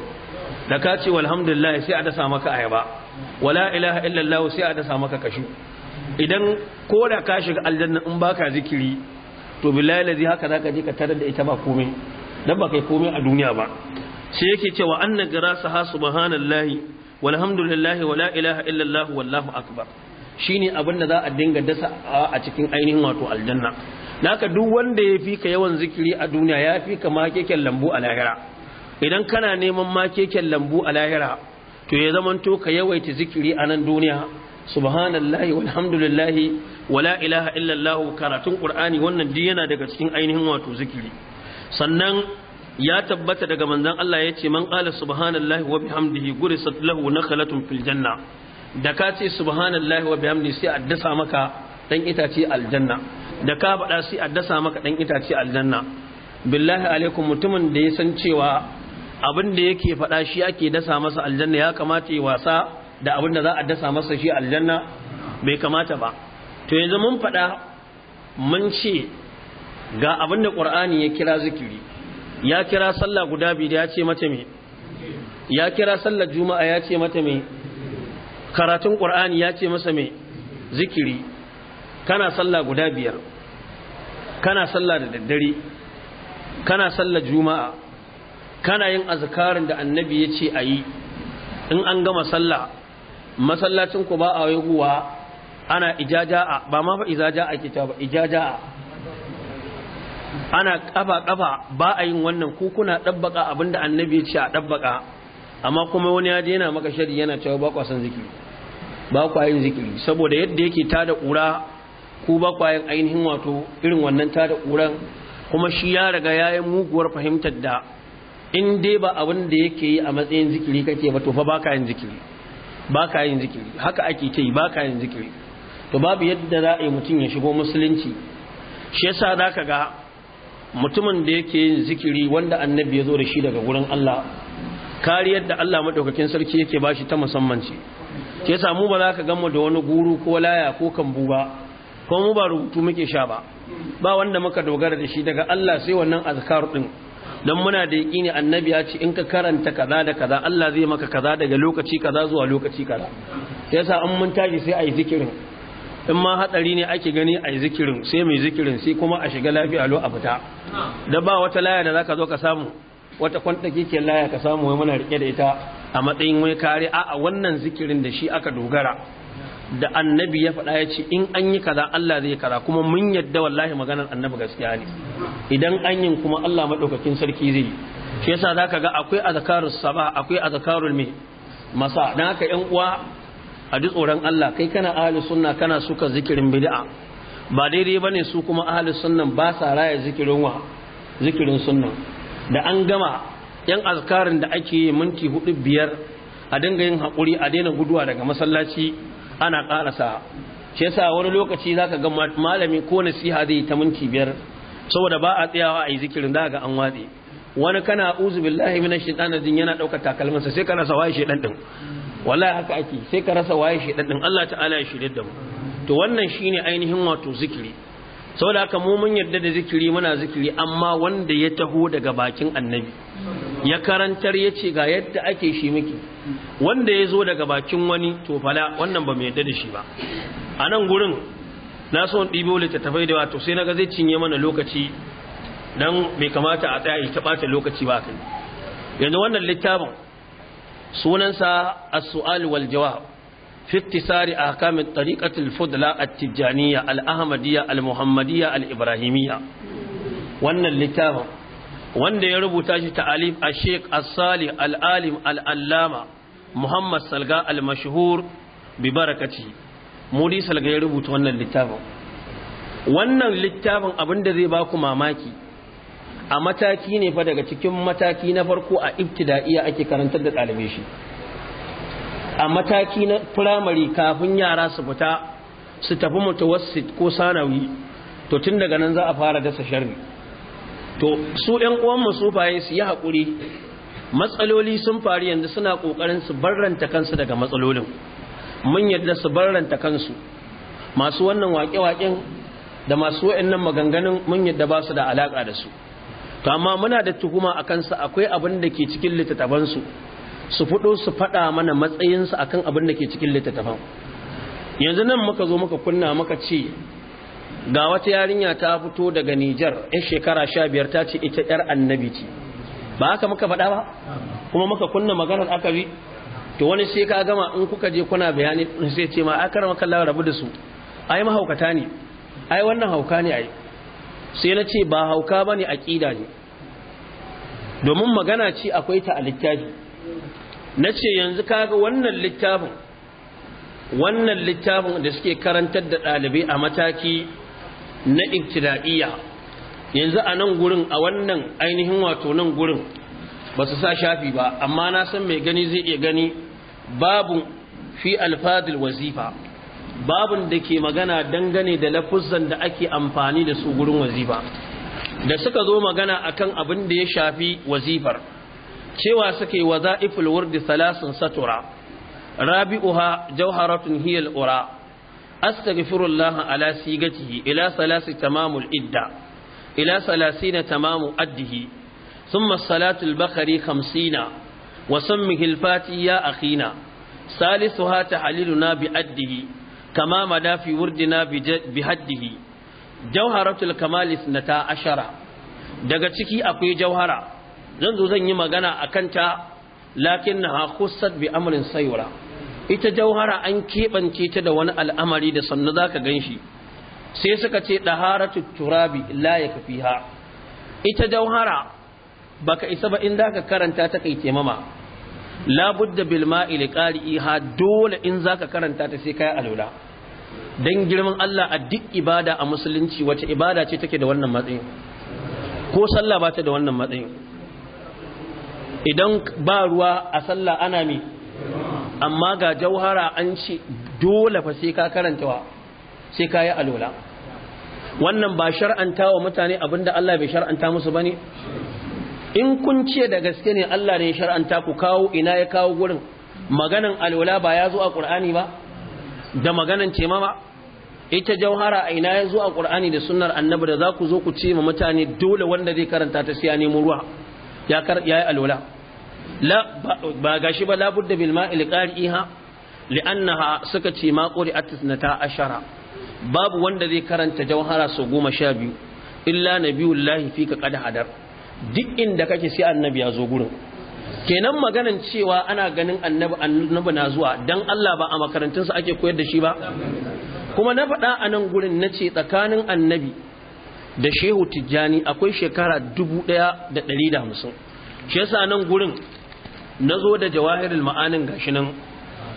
da ka ce walhamdulillah sai a dasa maka ayaba wala ilaha illallah sai a dasa maka kashu idan ko da ka shiga aljanna in baka zikiri to billahi lazi haka zaka je ka tarar da ita ba komai dan ba kai komai a duniya ba sai yake cewa anna garasa ha subhanallahi walhamdulillahi wala ilaha illallah wallahu akbar shine abin da za a dinga dasa a cikin ainihin wato aljanna naka duk wanda ya fi ka yawan zikiri a duniya ya fi ka ma keken lambu a lahira idan kana neman makeken lambu a lahira to ya zamanto ka yawaita zikiri a nan duniya subhanallahi walhamdulillahi wala ilaha illallah karatun qur'ani wannan duk yana daga cikin ainihin wato zikiri sannan ya tabbata daga manzon Allah yace man qala subhanallahi wa bihamdihi gurisat lahu nakhlatun fil janna da ka ce subhanallahi wa bihamdihi sai addasa maka dan itace aljanna da ka faɗa sai addasa maka dan itace aljanna billahi alaikum mutumin da ya san cewa abin da yake faɗa shi ake dasa masa aljanna ya kamata ya wasa da abin da za a dasa masa shi aljanna bai kamata ba to yanzu mun faɗa mun ce ga abin da ƙur'ani ya kira zikiri ya kira sallah guda biyu ya ce mata me ya kira sallar juma'a ya ce mata me karatun ƙur'ani ya ce masa me zikiri kana sallah guda biyar kana sallah da daddare kana sallar juma'a kana yin azkarin da annabi ya ce a yi in an gama sallah masallacin ku ba a haihuwa ana ijaja'a ba ma fa ijaja'a ke ta ba ijaja'a ana kafa kafa ba a yin wannan ku kuna dabbaka abinda annabi ya ce a dabbaka amma kuma wani ya yana maka shari yana cewa ba kwasan zikiri ba kwa yin zikiri saboda yadda yake ta da kura ku ba kwa ainihin wato irin wannan ta da ƙuran kuma shi ya riga yayin muguwar fahimtar da in dai ba abin da yake yi a matsayin zikiri kake ba to fa baka yin zikiri baka yin zikiri haka ake ce baka yin zikiri to babu yadda za a yi mutum ya shigo musulunci shi yasa ka ga mutumin da yake yin zikiri wanda annabi ya zo da shi daga gurin Allah kariyar da Allah madaukakin sarki yake ba shi ta musamman ce yasa mu ba za ka gama da wani guru ko laya ko kambu ba ko mu ba rubutu muke sha ba ba wanda muka dogara da shi daga Allah sai wannan azkar din dan muna da yaqini annabi ya ce in ka karanta kaza da kaza Allah zai maka kaza daga lokaci kaza zuwa lokaci kaza yasa an mun tashi sai ayi zikirin in ma hatsari ne ake gani ayi zikirin sai mai zikirin sai kuma a shiga lafiya lo a fita da ba wata laya da zaka zo ka samu wata kwanta kike laya ka samu wai muna rike da ita a matsayin wai kare a'a wannan zikirin da shi aka dogara da annabi ya faɗa ya ce in an yi kaza Allah zai kaza kuma mun yadda wallahi maganar annabi gaskiya ne idan an yi kuma Allah maɗaukakin sarki zai yi shi yasa zaka ga akwai azkarus sabah akwai azkarul mi masa dan haka yan uwa a ji tsoron Allah kai kana ahli sunna kana suka zikirin bid'a ba daidai bane su kuma ahli sunna ba sa raya zikirin wa zikirin sunna da an gama yan azkarin da ake yi minti hudu biyar a dinga yin haƙuri a daina guduwa daga masallaci ana ƙarasa shi yasa wani lokaci zaka ga malami ko nasiha zai yi ta minti biyar saboda ba a tsayawa a yi zikirin a ga an watsi wani kana uzu billahi minash shaitani din yana dauka takalmansa sai ka rasa waye shaitan din wallahi haka ake sai ka rasa waye shaitan din Allah ta'ala ya shirye da mu to wannan shine ainihin wato zikiri saboda haka mu mun yarda da zikiri muna zikiri amma wanda ya taho daga bakin annabi ya karantar ya ce ga yadda ake shi miki wanda ya zo daga bakin wani tofala fala wannan ba mai yarda da shi ba a nan gurin na so ɗibo littattafai da wato sai na ga zai cinye mana lokaci don bai kamata a tsaya ta ɓata lokaci ba kai yanzu wannan littafin sunansa as-su'al wal jawab في اتسار أحكام الطريقة الفضلة التجانية الأحمدية المحمدية الإبراهيمية وأن اللتاب وأن يربو تاج تعليم الشيخ الصالح العالم الألامة محمد صلقاء المشهور ببركته مولي صلقاء يربو توانا اللتاب وأن اللتاب أبند ذيباكو ماماكي a mataki ne fa daga cikin mataki na farko a ibtida'iya ake karantar da ɗalibai shi a mataki na firamare kafin yara su fita su tafi mutawassit ko sanawi to tun daga nan za a fara dasa sharri to su ɗan uwan masufaye su yi haƙuri matsaloli sun faru yanzu suna ƙoƙarin su barranta kansu daga matsalolin mun yadda su barranta kansu masu wannan waƙe-waƙen da masu wa'annan maganganun mun yadda ba su da alaƙa da su to amma muna da tuhuma a kansu akwai abin da ke cikin littattafansu su fudu su faɗa mana matsayinsu akan abin da ke cikin littattafan yanzu nan muka zo muka kunna muka ce ga wata yarinya ta fito daga Nijar a shekara sha biyar ta ce ita yar annabi ce ba haka muka faɗa ba kuma muka kunna maganar aka bi to wani sai ka gama in kuka je kuna bayani sai ce ma akar maka Allah rabu da su ai mahaukata ne ai wannan hauka ne ai sai na ce ba hauka bane aqida ne domin magana ce akwai ta a littafi na ce yanzu kaga wannan littafin wannan littafin da suke karantar da ɗalibai a mataki na ibtida'iyya yanzu a nan gurin a wannan ainihin wato nan gurin ba su sa shafi ba amma na san mai gani zai iya gani babu fi alfadil wazifa babun da ke magana dangane da lafuzzan da ake amfani da su gurin wazifa da suka zo magana akan abin da ya shafi wazifar cewa suke wa za'iful wurdi salasin satura rabi'uha jawharatun hiyal ura astaghfirullah ala sigatihi ila salasi tamamul idda ila salasina tamamu addihi thumma salatu al-bakhari 50 wa sammihi al ya akhina salisuha tahliluna bi addihi kama mada fi wurdina bi haddihi jawharatul kamal 12 daga ciki akwai jawhara zan zo zan yi magana a kanta lakin na hakusat bi amrin sayura ita jauhara an keɓance ta da wani al'amari da sannu za ka gan shi sai suka ce ɗaharatu turabi la ya kafi ha ita jauhara baka isa ba in za ka karanta ta kai taimama labudda bilma ilikari iha dole in za ka karanta ta sai kayi alula don girman Allah a duk ibada a musulunci wace ibada ce take da wannan matsayin ko sallah ba ta da wannan matsayin idan ba ruwa a sallah ana mi amma ga jauhara an ce dole fa sai ka karantawa sai ka yi alola wannan ba shar'anta wa mutane abinda Allah bai shar'anta musu bane in kun ce da gaske ne Allah ne ya shar'anta ku kawo ina ya kawo gurin maganan alola ba ya zo a Qur'ani ba da maganan cemama ita jauhara a ina ya zo a ƙur'ani da sunnar annabi da za ku zo ku ce ma mutane dole wanda zai karanta ta siya nemo ruwa ya ya yi alwala la ba gashi ba labudda bil iha qari'iha li'annaha suka ce ma na ta ashara babu wanda zai karanta jawhara sau goma sha biyu illa nabiyullahi ka kada hadar duk inda kake sai annabi ya zo gurin kenan maganan cewa ana ganin annabi annabi na zuwa dan Allah ba a makarantunsa ake koyar da shi ba kuma na faɗa a nan gurin na ce tsakanin annabi da shehu tijjani akwai shekara 1150 shi yasa nan gurin na zo da jawahirul ma'anin gashi nan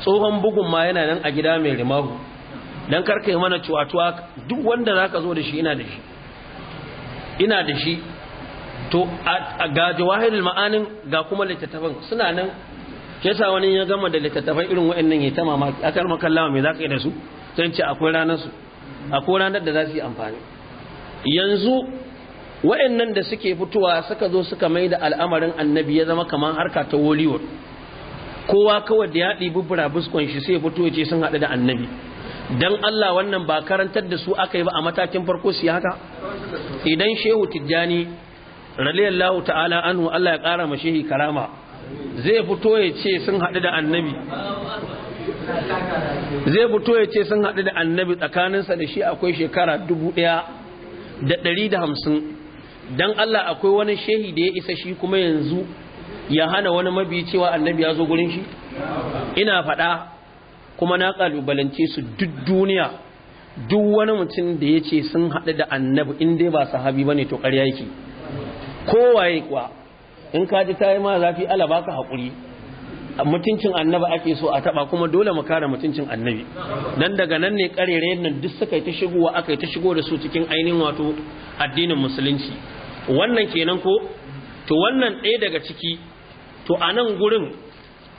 tsohon bugun ma yana nan a gida mai rimahu don karka yi mana cuwa duk wanda za ka zo da shi ina da shi ina da shi to ga jawahirul ma'anin ga kuma littattafan suna nan shi yasa wani ya gama da littattafan irin wa'annan ya ta mamaki akar makallawa me za ka yi da su don ce akwai ranar su akwai ranar da za su yi amfani yanzu wa'annan da suke fitowa suka zo suka mai da al'amarin annabi ya zama kamar harka ta hollywood kowa kawai da ya ɗibi burabuskon shi sai fito ce sun haɗu da annabi don allah wannan ba karantar da su aka yi ba a matakin farko su haka idan shehu tijjani radiyallahu ta'ala anhu allah ya ƙara ma shehi karama zai fito ya ce sun haɗu da annabi zai fito ya ce sun haɗu da annabi tsakaninsa da shi akwai shekara dubu ɗaya da ɗari da hamsin don Allah akwai wani shehi da ya isa shi kuma yanzu ya hana wani mabi cewa annabi ya zo gurin shi ina faɗa kuma na ƙalubalance su duk duniya duk wani mutum da ya ce sun haɗu da annabi in dai ba sahabi ba ne to ƙarya yake kowaye kuwa in ka ji ta yi ma zafi ala baka haƙuri mutuncin annabi ake so a taba kuma dole mu kare mutuncin annabi dan daga nan ne karere nan duk suka ta shigowa aka yi ta shigo da su cikin ainihin wato addinin musulunci wannan kenan ko to wannan ɗaya daga ciki to a nan gurin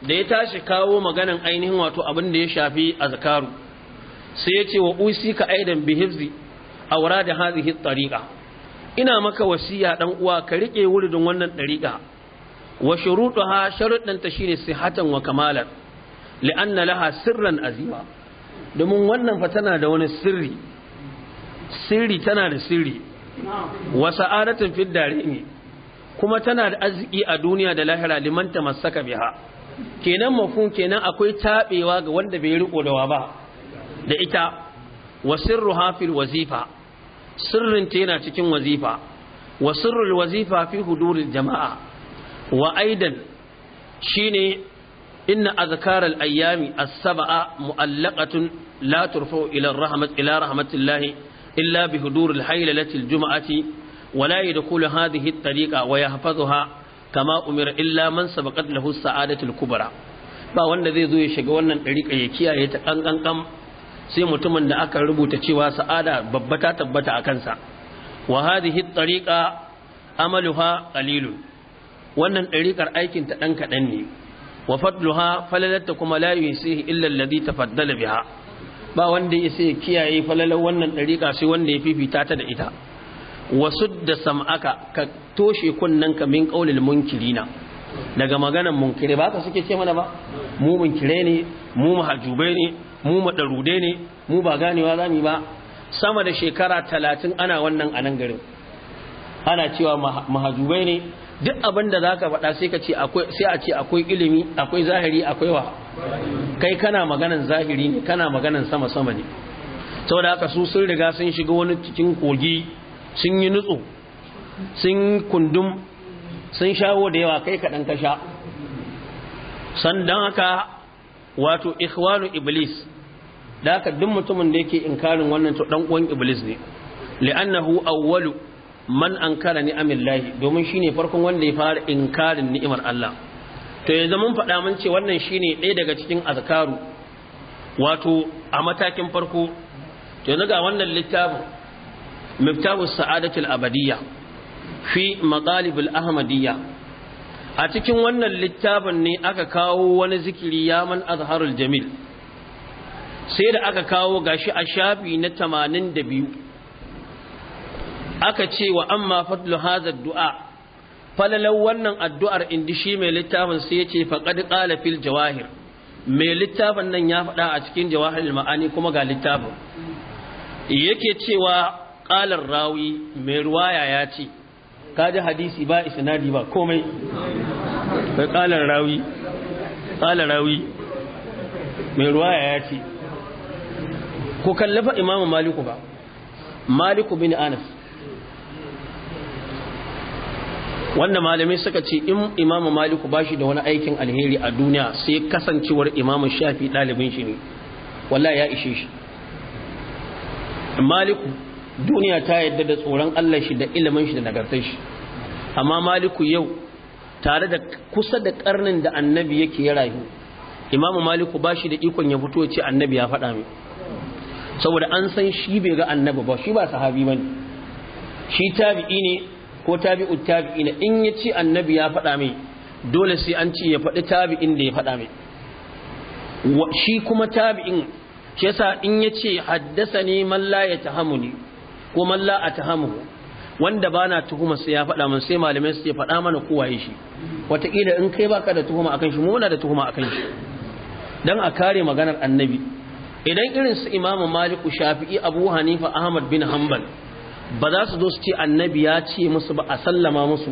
da ya tashi kawo maganan ainihin wato abin da ya shafi azkaru sai ya ce wa usi ka aidan a aura da hazihi tariqa ina maka wasiya dan uwa ka rike wurin wannan tariqa wa shurutuha sharuɗanta shine sihatan wa kamalan li'anna laha sirran azima domin wannan fa tana da wani sirri sirri tana da sirri wa sa'adatin fid kuma tana da arziki a duniya da lahira liman masaka biha kenan mafhum kenan akwai tabewa ga wanda bai riko dawa ba da ita wa sirruha fil wazifa sirrin ta yana cikin wazifa wa sirrul wazifa fi huduril jama'a wa aidan shine inna azkaral ayyami as-sab'a mu'allaqatun la turfa'u ila rahmat ila rahmatillahi illa bi huduril haylati al-jum'ati wa la yadkhulu hadhihi at-tariqa wa yahfazuha kama umira illa man sabaqat lahu as kubra ba wanda zai zo ya shiga wannan dariƙa ya kiyaye ta kankan sai mutumin da aka rubuta cewa sa'ada babba ta tabbata a kansa wa hadhihi at-tariqa amaluha qalilun wannan ɗariƙar aikin ta ɗan kaɗan ne wa fadluha falalatta kuma la sai illa alladhi tafaddala biha ba wanda ya sai kiyaye falalar wannan ɗariƙa sai wanda ya fifita ta da ita Wasu da sam'aka ka toshe kunnen ka min qaulil munkirina daga maganan munkire ba ka suke ce mana ba mu munkire ne mu mahajubai ne mu madarude ne mu ba ganewa zamu ba sama da shekara talatin ana wannan a nan garin ana cewa mahajubai ne duk abin da za ka faɗa sai a ce akwai ilimi akwai zahiri akwai wa kai kana maganan zahiri ne kana maganan sama sama ne da haka su sun riga sun shiga wani cikin kogi sun yi nutsu sun kundum sun shawo da yawa kai kaɗan ka sha sandan haka wato ikhwanu iblis da haka duk mutumin da yake inkarin wannan to dan uwan iblis ne li'annahu awwalu man an ankara lahi domin shine farkon wanda ya fara inkarin ni'imar Allah to yanzu mun faɗa mun ce wannan shine ɗaya daga cikin azkaru wato a matakin farko to yanzu ga wannan littafin miftahu sa'adatul abadiyya fi maqalibul ahmadiyya a cikin wannan littafin ne aka kawo wani zikiri ya man azharul jamil sai da aka kawo gashi a shafi na tamanin da biyu. aka ce wa amma fadlu hadha du'a falalau wannan addu'ar indi shi mai littafin sai yace faqad qala fil jawahir mai littafin nan ya faɗa a cikin jawahirul ma'ani kuma ga littafin yake cewa qalar rawi mai ruwaya ya ce kaji hadisi ba isnadi ba komai sai qalar rawi qalar rawi mai ruwaya ya ce ku kallafa imamu maliku ba maliku bin anas wanda malamai suka ce in imamu maliku ba shi da wani aikin alheri a duniya sai kasancewar imamu shafi ɗalibin shi ne walla ya ishe shi maliku duniya ta yadda da tsoron allah shi da ilimin shi da nagartar shi amma maliku yau tare da kusa da karnin da annabi yake ya rayu imamu maliku ba shi da ikon ya fito ce annabi ya faɗa mai saboda an san shi bai ga annabi ba shi ba sahabi ba ne shi tabi'i ne ko tabi'u tabi'ina in ya ce annabi ya faɗa mai dole sai an ce ya faɗi tabi'in da ya faɗa mai shi kuma tabi'in shi yasa in ya ce haddasa ne malla ya tahamu ne ko malla a tahamu wanda bana na tuhuma sai ya faɗa min sai malamai su ce faɗa mana waye shi wataƙila in kai baka da tuhuma akan shi muna da tuhuma akan shi dan a kare maganar annabi idan irin su imamu maliku shafi'i abu hanifa ahmad bin hanbal ba za su zo su ce annabi ya ce musu ba a sallama musu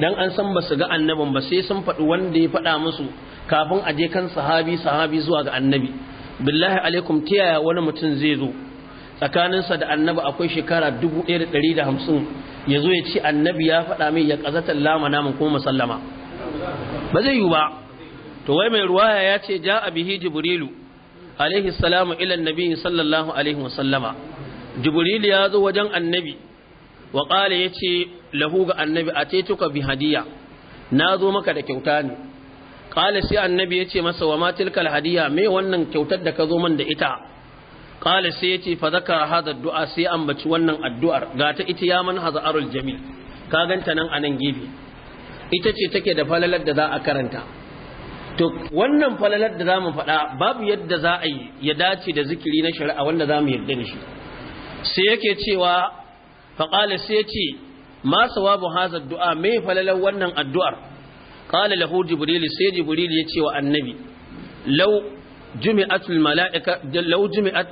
dan an san ba su ga annabin ba sai sun faɗi wanda ya faɗa musu kafin a je kan sahabi sahabi zuwa ga annabi billahi alaikum ta yaya wani mutum zai zo tsakaninsa da annabi akwai shekara ɗaya da ɗari hamsin ya zo ya ce annabi ya faɗa mai ya ƙazatar lama namun kuma musallama ba zai yi ba to wai mai ruwaya ya ce ja bihi jibrilu alaihi salamu ilan nabi sallallahu alaihi wasallama jibril ya zo wajen annabi wa qala yace lahu ga annabi atetuka bi hadiya na zo maka da kyauta ne qala sai annabi yace masa wa ma tilkal hadiya me wannan kyautar da ka zo man da ita qala sai yace fa zakara hada du'a sai ambaci wannan addu'ar ga ta ita ya man hazarul jamil ka ganta nan anan gefe ita ce take da falalar da za a karanta to wannan falalar da za mu faɗa babu yadda za a yi ya dace da zikiri na shari'a wanda za mu yarda da shi sai yake cewa faƙalis sai ce ma sawabu haza du'a mai falalar wannan addu'ar ƙala lahu jibril sai jibril ya ce wa annabi lau jumi'at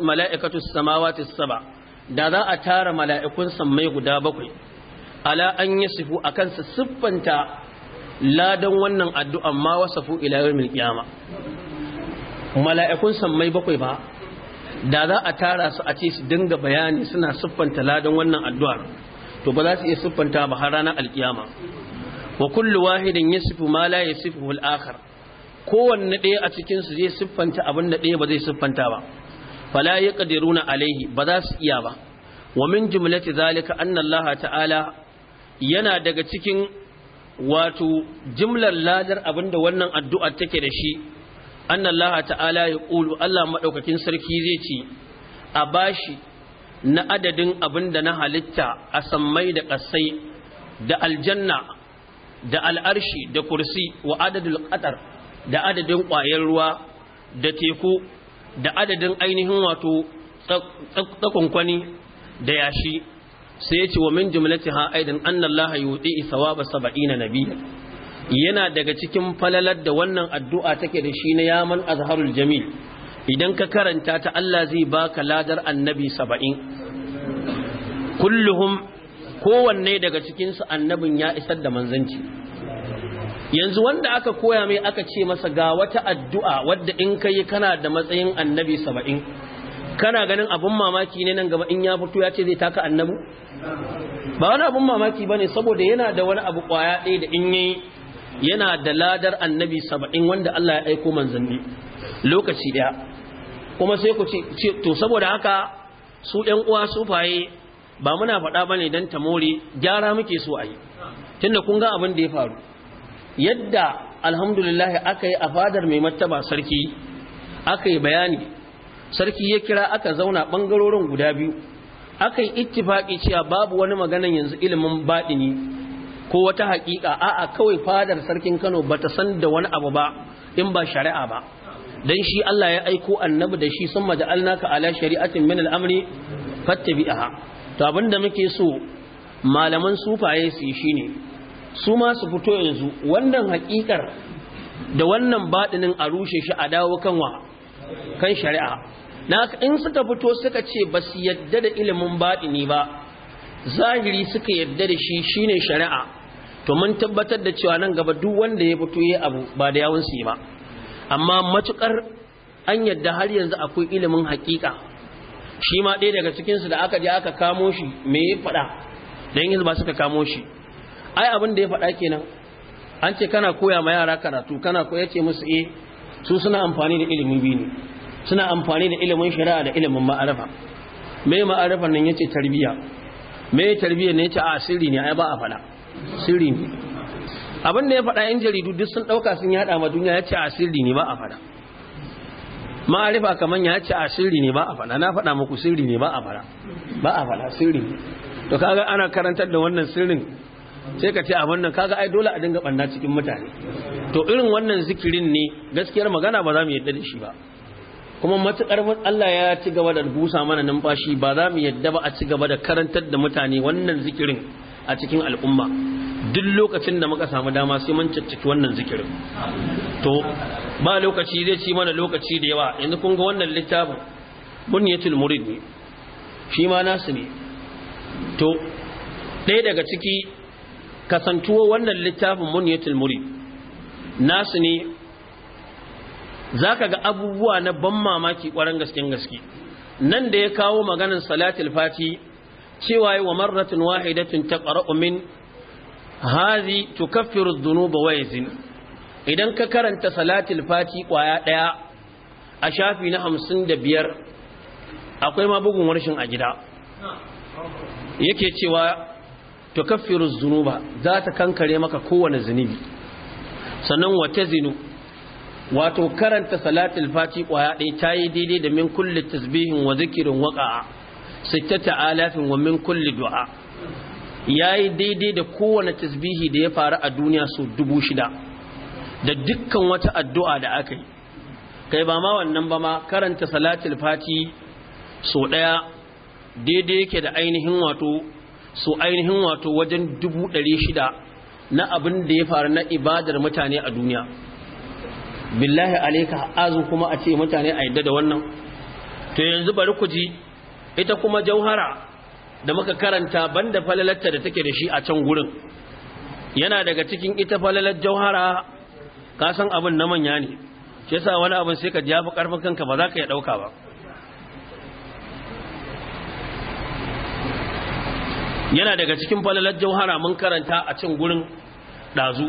mala'ikatu samawati saba da za a tara mala'ikun sammai guda bakwai ala an yi sifu a kansa siffanta ladan wannan addu'an ma wasafu ila yawon milkiyama mala'ikun sammai bakwai ba da za a tara su a ce su dinga bayani suna siffanta ladan wannan addu'ar to ba za su iya siffanta ba har ranar alkiyama wa kullu wahidin yasifu ma la yasifu al-akhar kowanne ɗaya a cikin su zai siffanta abin da ɗaya ba zai siffanta ba fala yaqdiruna alaihi ba za su iya ba wa min jumlati zalika anna Allah ta'ala yana daga cikin wato jimlar ladar abinda wannan addu'a take da shi anna Allah ta'ala ya ƙulu Allah maɗaukakin sarki zai ce a bashi na adadin abin da na halitta a sammai da ƙasai da aljanna da al'arshi da kursi wa adadin ƙatar da adadin ƙwayar ruwa da teku da adadin ainihin wato tsakunkwani da yashi sai ya ce wa min jimlati ha aidan anna Allah ya wuɗi wa ba saba'ina nabiya yana daga cikin falalar da wannan addu'a take da shi na yaman azharul jamil idan ka karanta ta Allah zai baka ladar annabi saba'in kulluhum kowanne daga cikinsu annabin ya isar da manzanci yanzu wanda aka koya mai aka ce masa ga wata addu'a wadda in ka yi kana da matsayin annabi saba'in kana ganin abin mamaki ne nan gaba in ya fito ya ce zai taka annabu ba wani abin mamaki ba ne saboda yana da wani abu kwaya ɗaya da in yi yana da ladar annabi saba'in wanda Allah ya aiko manzanni lokaci ɗaya kuma sai ku ce to saboda haka su ɗan uwa su faye ba muna faɗa ba ne don tamori gyara muke so a yi tunda kun ga abin da ya faru yadda alhamdulillah aka yi a fadar mai martaba sarki aka yi bayani sarki ya kira aka zauna bangarorin guda biyu aka yi ittifaƙi cewa babu wani maganan yanzu ilimin baɗini ko wata haƙiƙa a'a kawai fadar sarkin Kano bata san da wani abu ba in ba shari'a ba dan shi Allah ya aiko annabi da shi sun ka ala shari'atin min al-amri fattabi'aha to abinda muke so malaman sufaye su yi shine su ma su fito yanzu wannan haƙiƙar da wannan baɗinin a rushe shi a dawo kanwa kan shari'a na in suka fito suka ce ba su yadda da ilimin baɗini ba zahiri suka yadda da shi shine shari'a to mun tabbatar da cewa nan gaba duk wanda ya fito yayi abu ba da yawun su ba amma matukar an yadda har yanzu akwai ilimin hakika shi ma ɗaya daga cikin su da aka je aka kamo shi me ya faɗa dan yanzu ba suka kamo shi ai abin da ya faɗa kenan an ce kana koya ma yara karatu kana koya Yace musu eh su suna amfani da ilimin bi ne suna amfani da ilimin shari'a da ilimin ma'arifa me ma'arifa nan yace tarbiya me tarbiya ne yace asiri ne ai ba a faɗa sirri ne abin da ya faɗa yan jaridu duk sun ɗauka sun yaɗa ma duniya ya ce a sirri ne ba a faɗa ma'arifa kamar ya ce a sirri ne ba a faɗa na faɗa muku sirri ne ba a faɗa ba a faɗa sirri ne to kaga ana karantar da wannan sirrin sai ka ce abin nan kaga ai dole a dinga ɓanna cikin mutane to irin wannan zikirin ne gaskiyar magana ba za mu yadda da shi ba kuma matukar Allah ya ci gaba da busa mana numfashi ba za mu yadda ba a ci gaba da karantar da mutane wannan zikirin a cikin al'umma duk lokacin da muka samu dama sai mun cicciki wannan zikirin to ba lokaci zai ci mana lokaci da yawa yanzu kun ga wannan littafin bunyatul murid ne shi ma nasu ne to ɗaya daga ciki kasantuwa wannan littafin bunyatul murid nasu ne za ka ga abubuwa na ban mamaki ƙwarar gaske gaske nan da ya kawo maganin salatul fati cewa wa marratin wahidatin ta min hazi to kafiru dhunuba wa yazin idan ka karanta salatul fati kwaya ɗaya a shafi na hamsin da biyar akwai ma bugun warshin a gida yake cewa tukaffiru adh-dhunuba za ta kankare maka kowane zunubi sannan wata zinu wato karanta salatul fati kwaya ta yi daidai da min kulle tasbihin wa zikirin waƙa'a. sittata alafin wa min kulli du'a yayi daidai da kowane tasbihi da ya faru a duniya su dubu shida da dukkan wata addu'a da aka yi kai ba ma wannan ba ma karanta salatul fati so daya daidai yake da ainihin wato so ainihin wato wajen dubu ɗari shida na abin da ya faru na ibadar mutane a duniya billahi Alayka azu kuma a ce mutane a yadda da wannan to yanzu bari ku ji ita kuma jauhara da muka karanta banda falalarta da take da shi a can gurin yana daga cikin ita falalar jauhara ka san abin na manya ne shi yasa wani abin sai ka ji yafi karfin kanka ba za ka ya ɗauka ba yana daga cikin falalar jauhara mun karanta a cin gurin dazu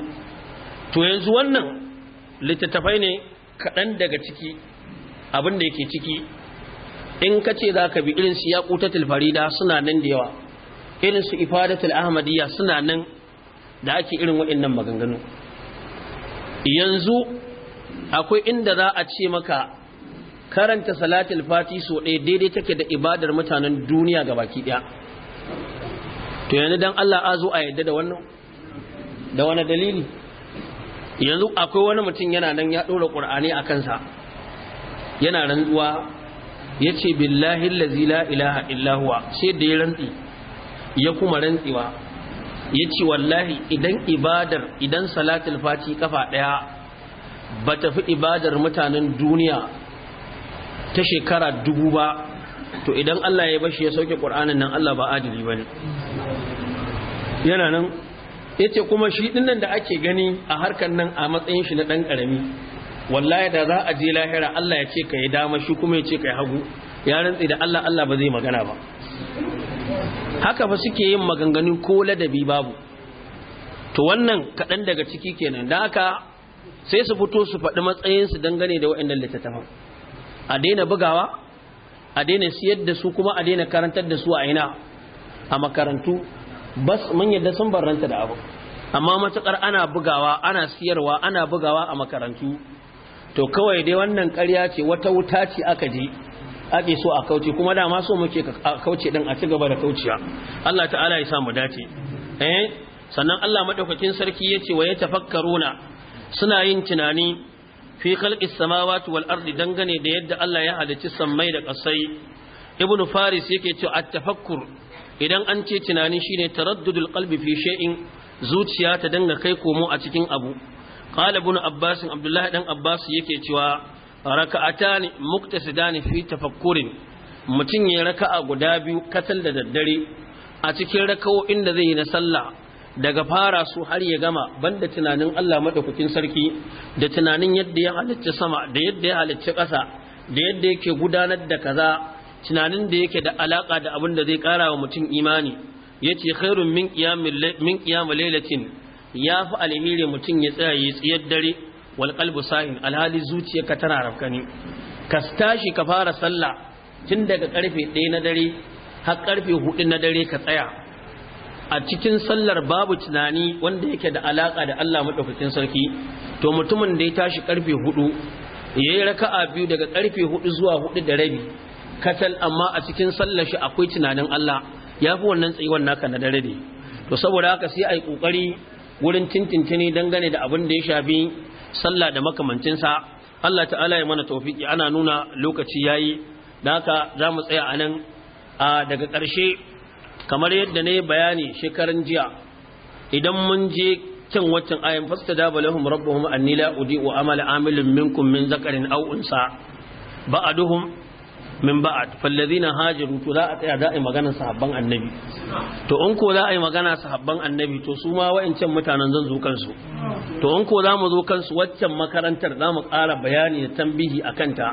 to yanzu wannan littattafai ne kaɗan daga ciki abin da yake ciki in ka ce za ka bi irin su yaƙutatul farida suna nan da yawa irin su ifadatul ahmadiyya suna nan da ake irin waɗannan maganganu yanzu akwai inda za a ce maka karanta salatul fati so ɗaya daidai take da ibadar mutanen duniya ga baki ɗaya to yanzu dan Allah a zo a yadda da wannan da wani dalili yanzu akwai wani mutum yana nan ya ɗora ƙur'ani a kansa yana rantsuwa ya ce billahi lazi la ilaha illahuwa sai da ya rantsi ya kuma rantsiwa. ya ce wallahi idan ibadar idan salatul fati kafa ɗaya ba fi ibadar mutanen duniya ta shekara dubu ba to idan Allah ya bashi ya sauke ƙur'anin nan Allah ba adili ba ne yana nan ya ce kuma shi ɗinnan da ake gani a harkar nan a matsayin shi na ɗan ƙarami wallahi da za a je lahira Allah ya ce ka yi dama shi kuma ya ce ka yi hagu ya rantsi da Allah Allah ba zai magana ba haka ba suke yin maganganu ko ladabi babu to wannan kaɗan daga ciki kenan da haka sai su fito su faɗi matsayinsu dangane da waɗannan littattafan a daina bugawa a daina siyar da su kuma a daina karantar da su a ina a makarantu bas mun yadda sun barranta da abu amma matukar ana bugawa ana siyarwa ana bugawa a makarantu to kawai dai wannan ƙarya ce wata wuta ce aka ji ake so a kauce kuma dama so muke a kauce din a ci gaba da kauciya Allah ta'ala ya mu dace eh sannan Allah madaukakin sarki ya ce wa tafakkaruna suna yin tunani fi khalqis samawati wal ardi dangane da yadda Allah ya halicci sammai da kasai ibn faris yake cewa at-tafakkur idan an ce tunani shine taraddudul qalbi fi shay'in zuciya ta danga kai komo a cikin abu ابن عباس abbas abdullahi dan abbas yake cewa raka'atani muktasidani fi tafakkurin mutum ya raka'a guda biyu katal da daddare a cikin raka'o'in inda zai yi na sallah daga fara su har ya gama banda tunanin Allah madaukakin sarki da tunanin yadda ya halicci sama da yadda ya halicci ƙasa da yadda yake gudanar da kaza tunanin da yake da alaka da abin da zai ƙara wa mutum imani yace khairun min qiyamil min qiyamil lailatin ya fi alheri mutum ya tsaya ya tsiyar dare wal kalbu sa'in alhali zuciyarka tana rafkani ka tashi ka fara sallah tun daga karfe 1 na dare har karfe 4 na dare ka tsaya a cikin sallar babu tunani wanda yake da alaka da Allah madaukakin sarki to mutumin da ya tashi karfe 4 yayi raka'a biyu daga karfe 4 zuwa 4 da rabi katal amma a cikin sallar shi akwai tunanin Allah ya fi wannan tsayuwar naka na dare ne to saboda haka sai ai kokari ƙoƙari wurin tintintini dangane da abin da ya shafi sallah da makamancinsa Allah ta'ala ya mana tawfiki ana nuna lokaci yayi da haka za mu tsaya a nan daga ƙarshe kamar yadda na yi bayani shekaran jiya idan mun je kyan waccan ayin fasta da balahum rabbuhum annila udi wa amala amilin minkum min zakarin aw unsa ba'aduhum min ba'ad fallazina hajaru to za a tsaya za a yi magana sahabban annabi to in ko za a yi magana sahabban annabi to su ma wa'ancan mutanen zan zo kansu to in ko za mu zo kansu waccan makarantar za mu ƙara bayani da tambihi a kanta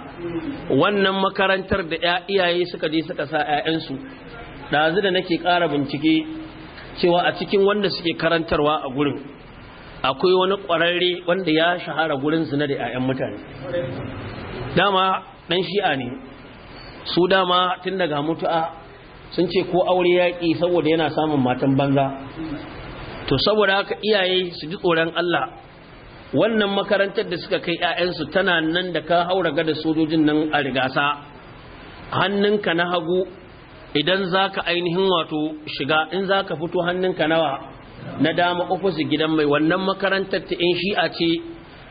wannan makarantar da iyaye suka je suka sa 'ya'yansu ɗazu da nake ƙara bincike cewa a cikin wanda suke karantarwa a gurin akwai wani ƙwararre wanda ya shahara gurin na da 'ya'yan mutane dama ɗan shi'a ne su dama tun daga mutu'a sun ce ko aure ƙi saboda yana samun matan banza to saboda haka iyaye su ji tsoron Allah wannan makarantar da suka kai 'ya'yansu tana nan da ka haura da sojojin nan a rigasa hannunka na hagu idan za ka ainihin wato shiga in za ka fito hannunka nawa na dama ofis gidan mai wannan makarantar ta in shi'a ce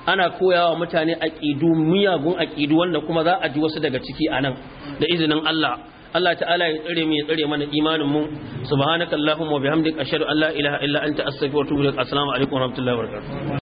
ana koyawa mutane aƙidu miyagun aƙidu wanda kuma za a ji wasu daga ciki a nan. da izinin Allah Allah ta'ala ya tsare mu ya tsare mana imanin mu subhanakallahumma wa bihamdika ashhadu an la ilaha illa anta astaghfiruka wa atubu ilaik assalamu alaikum wa rahmatullahi wa barakatuh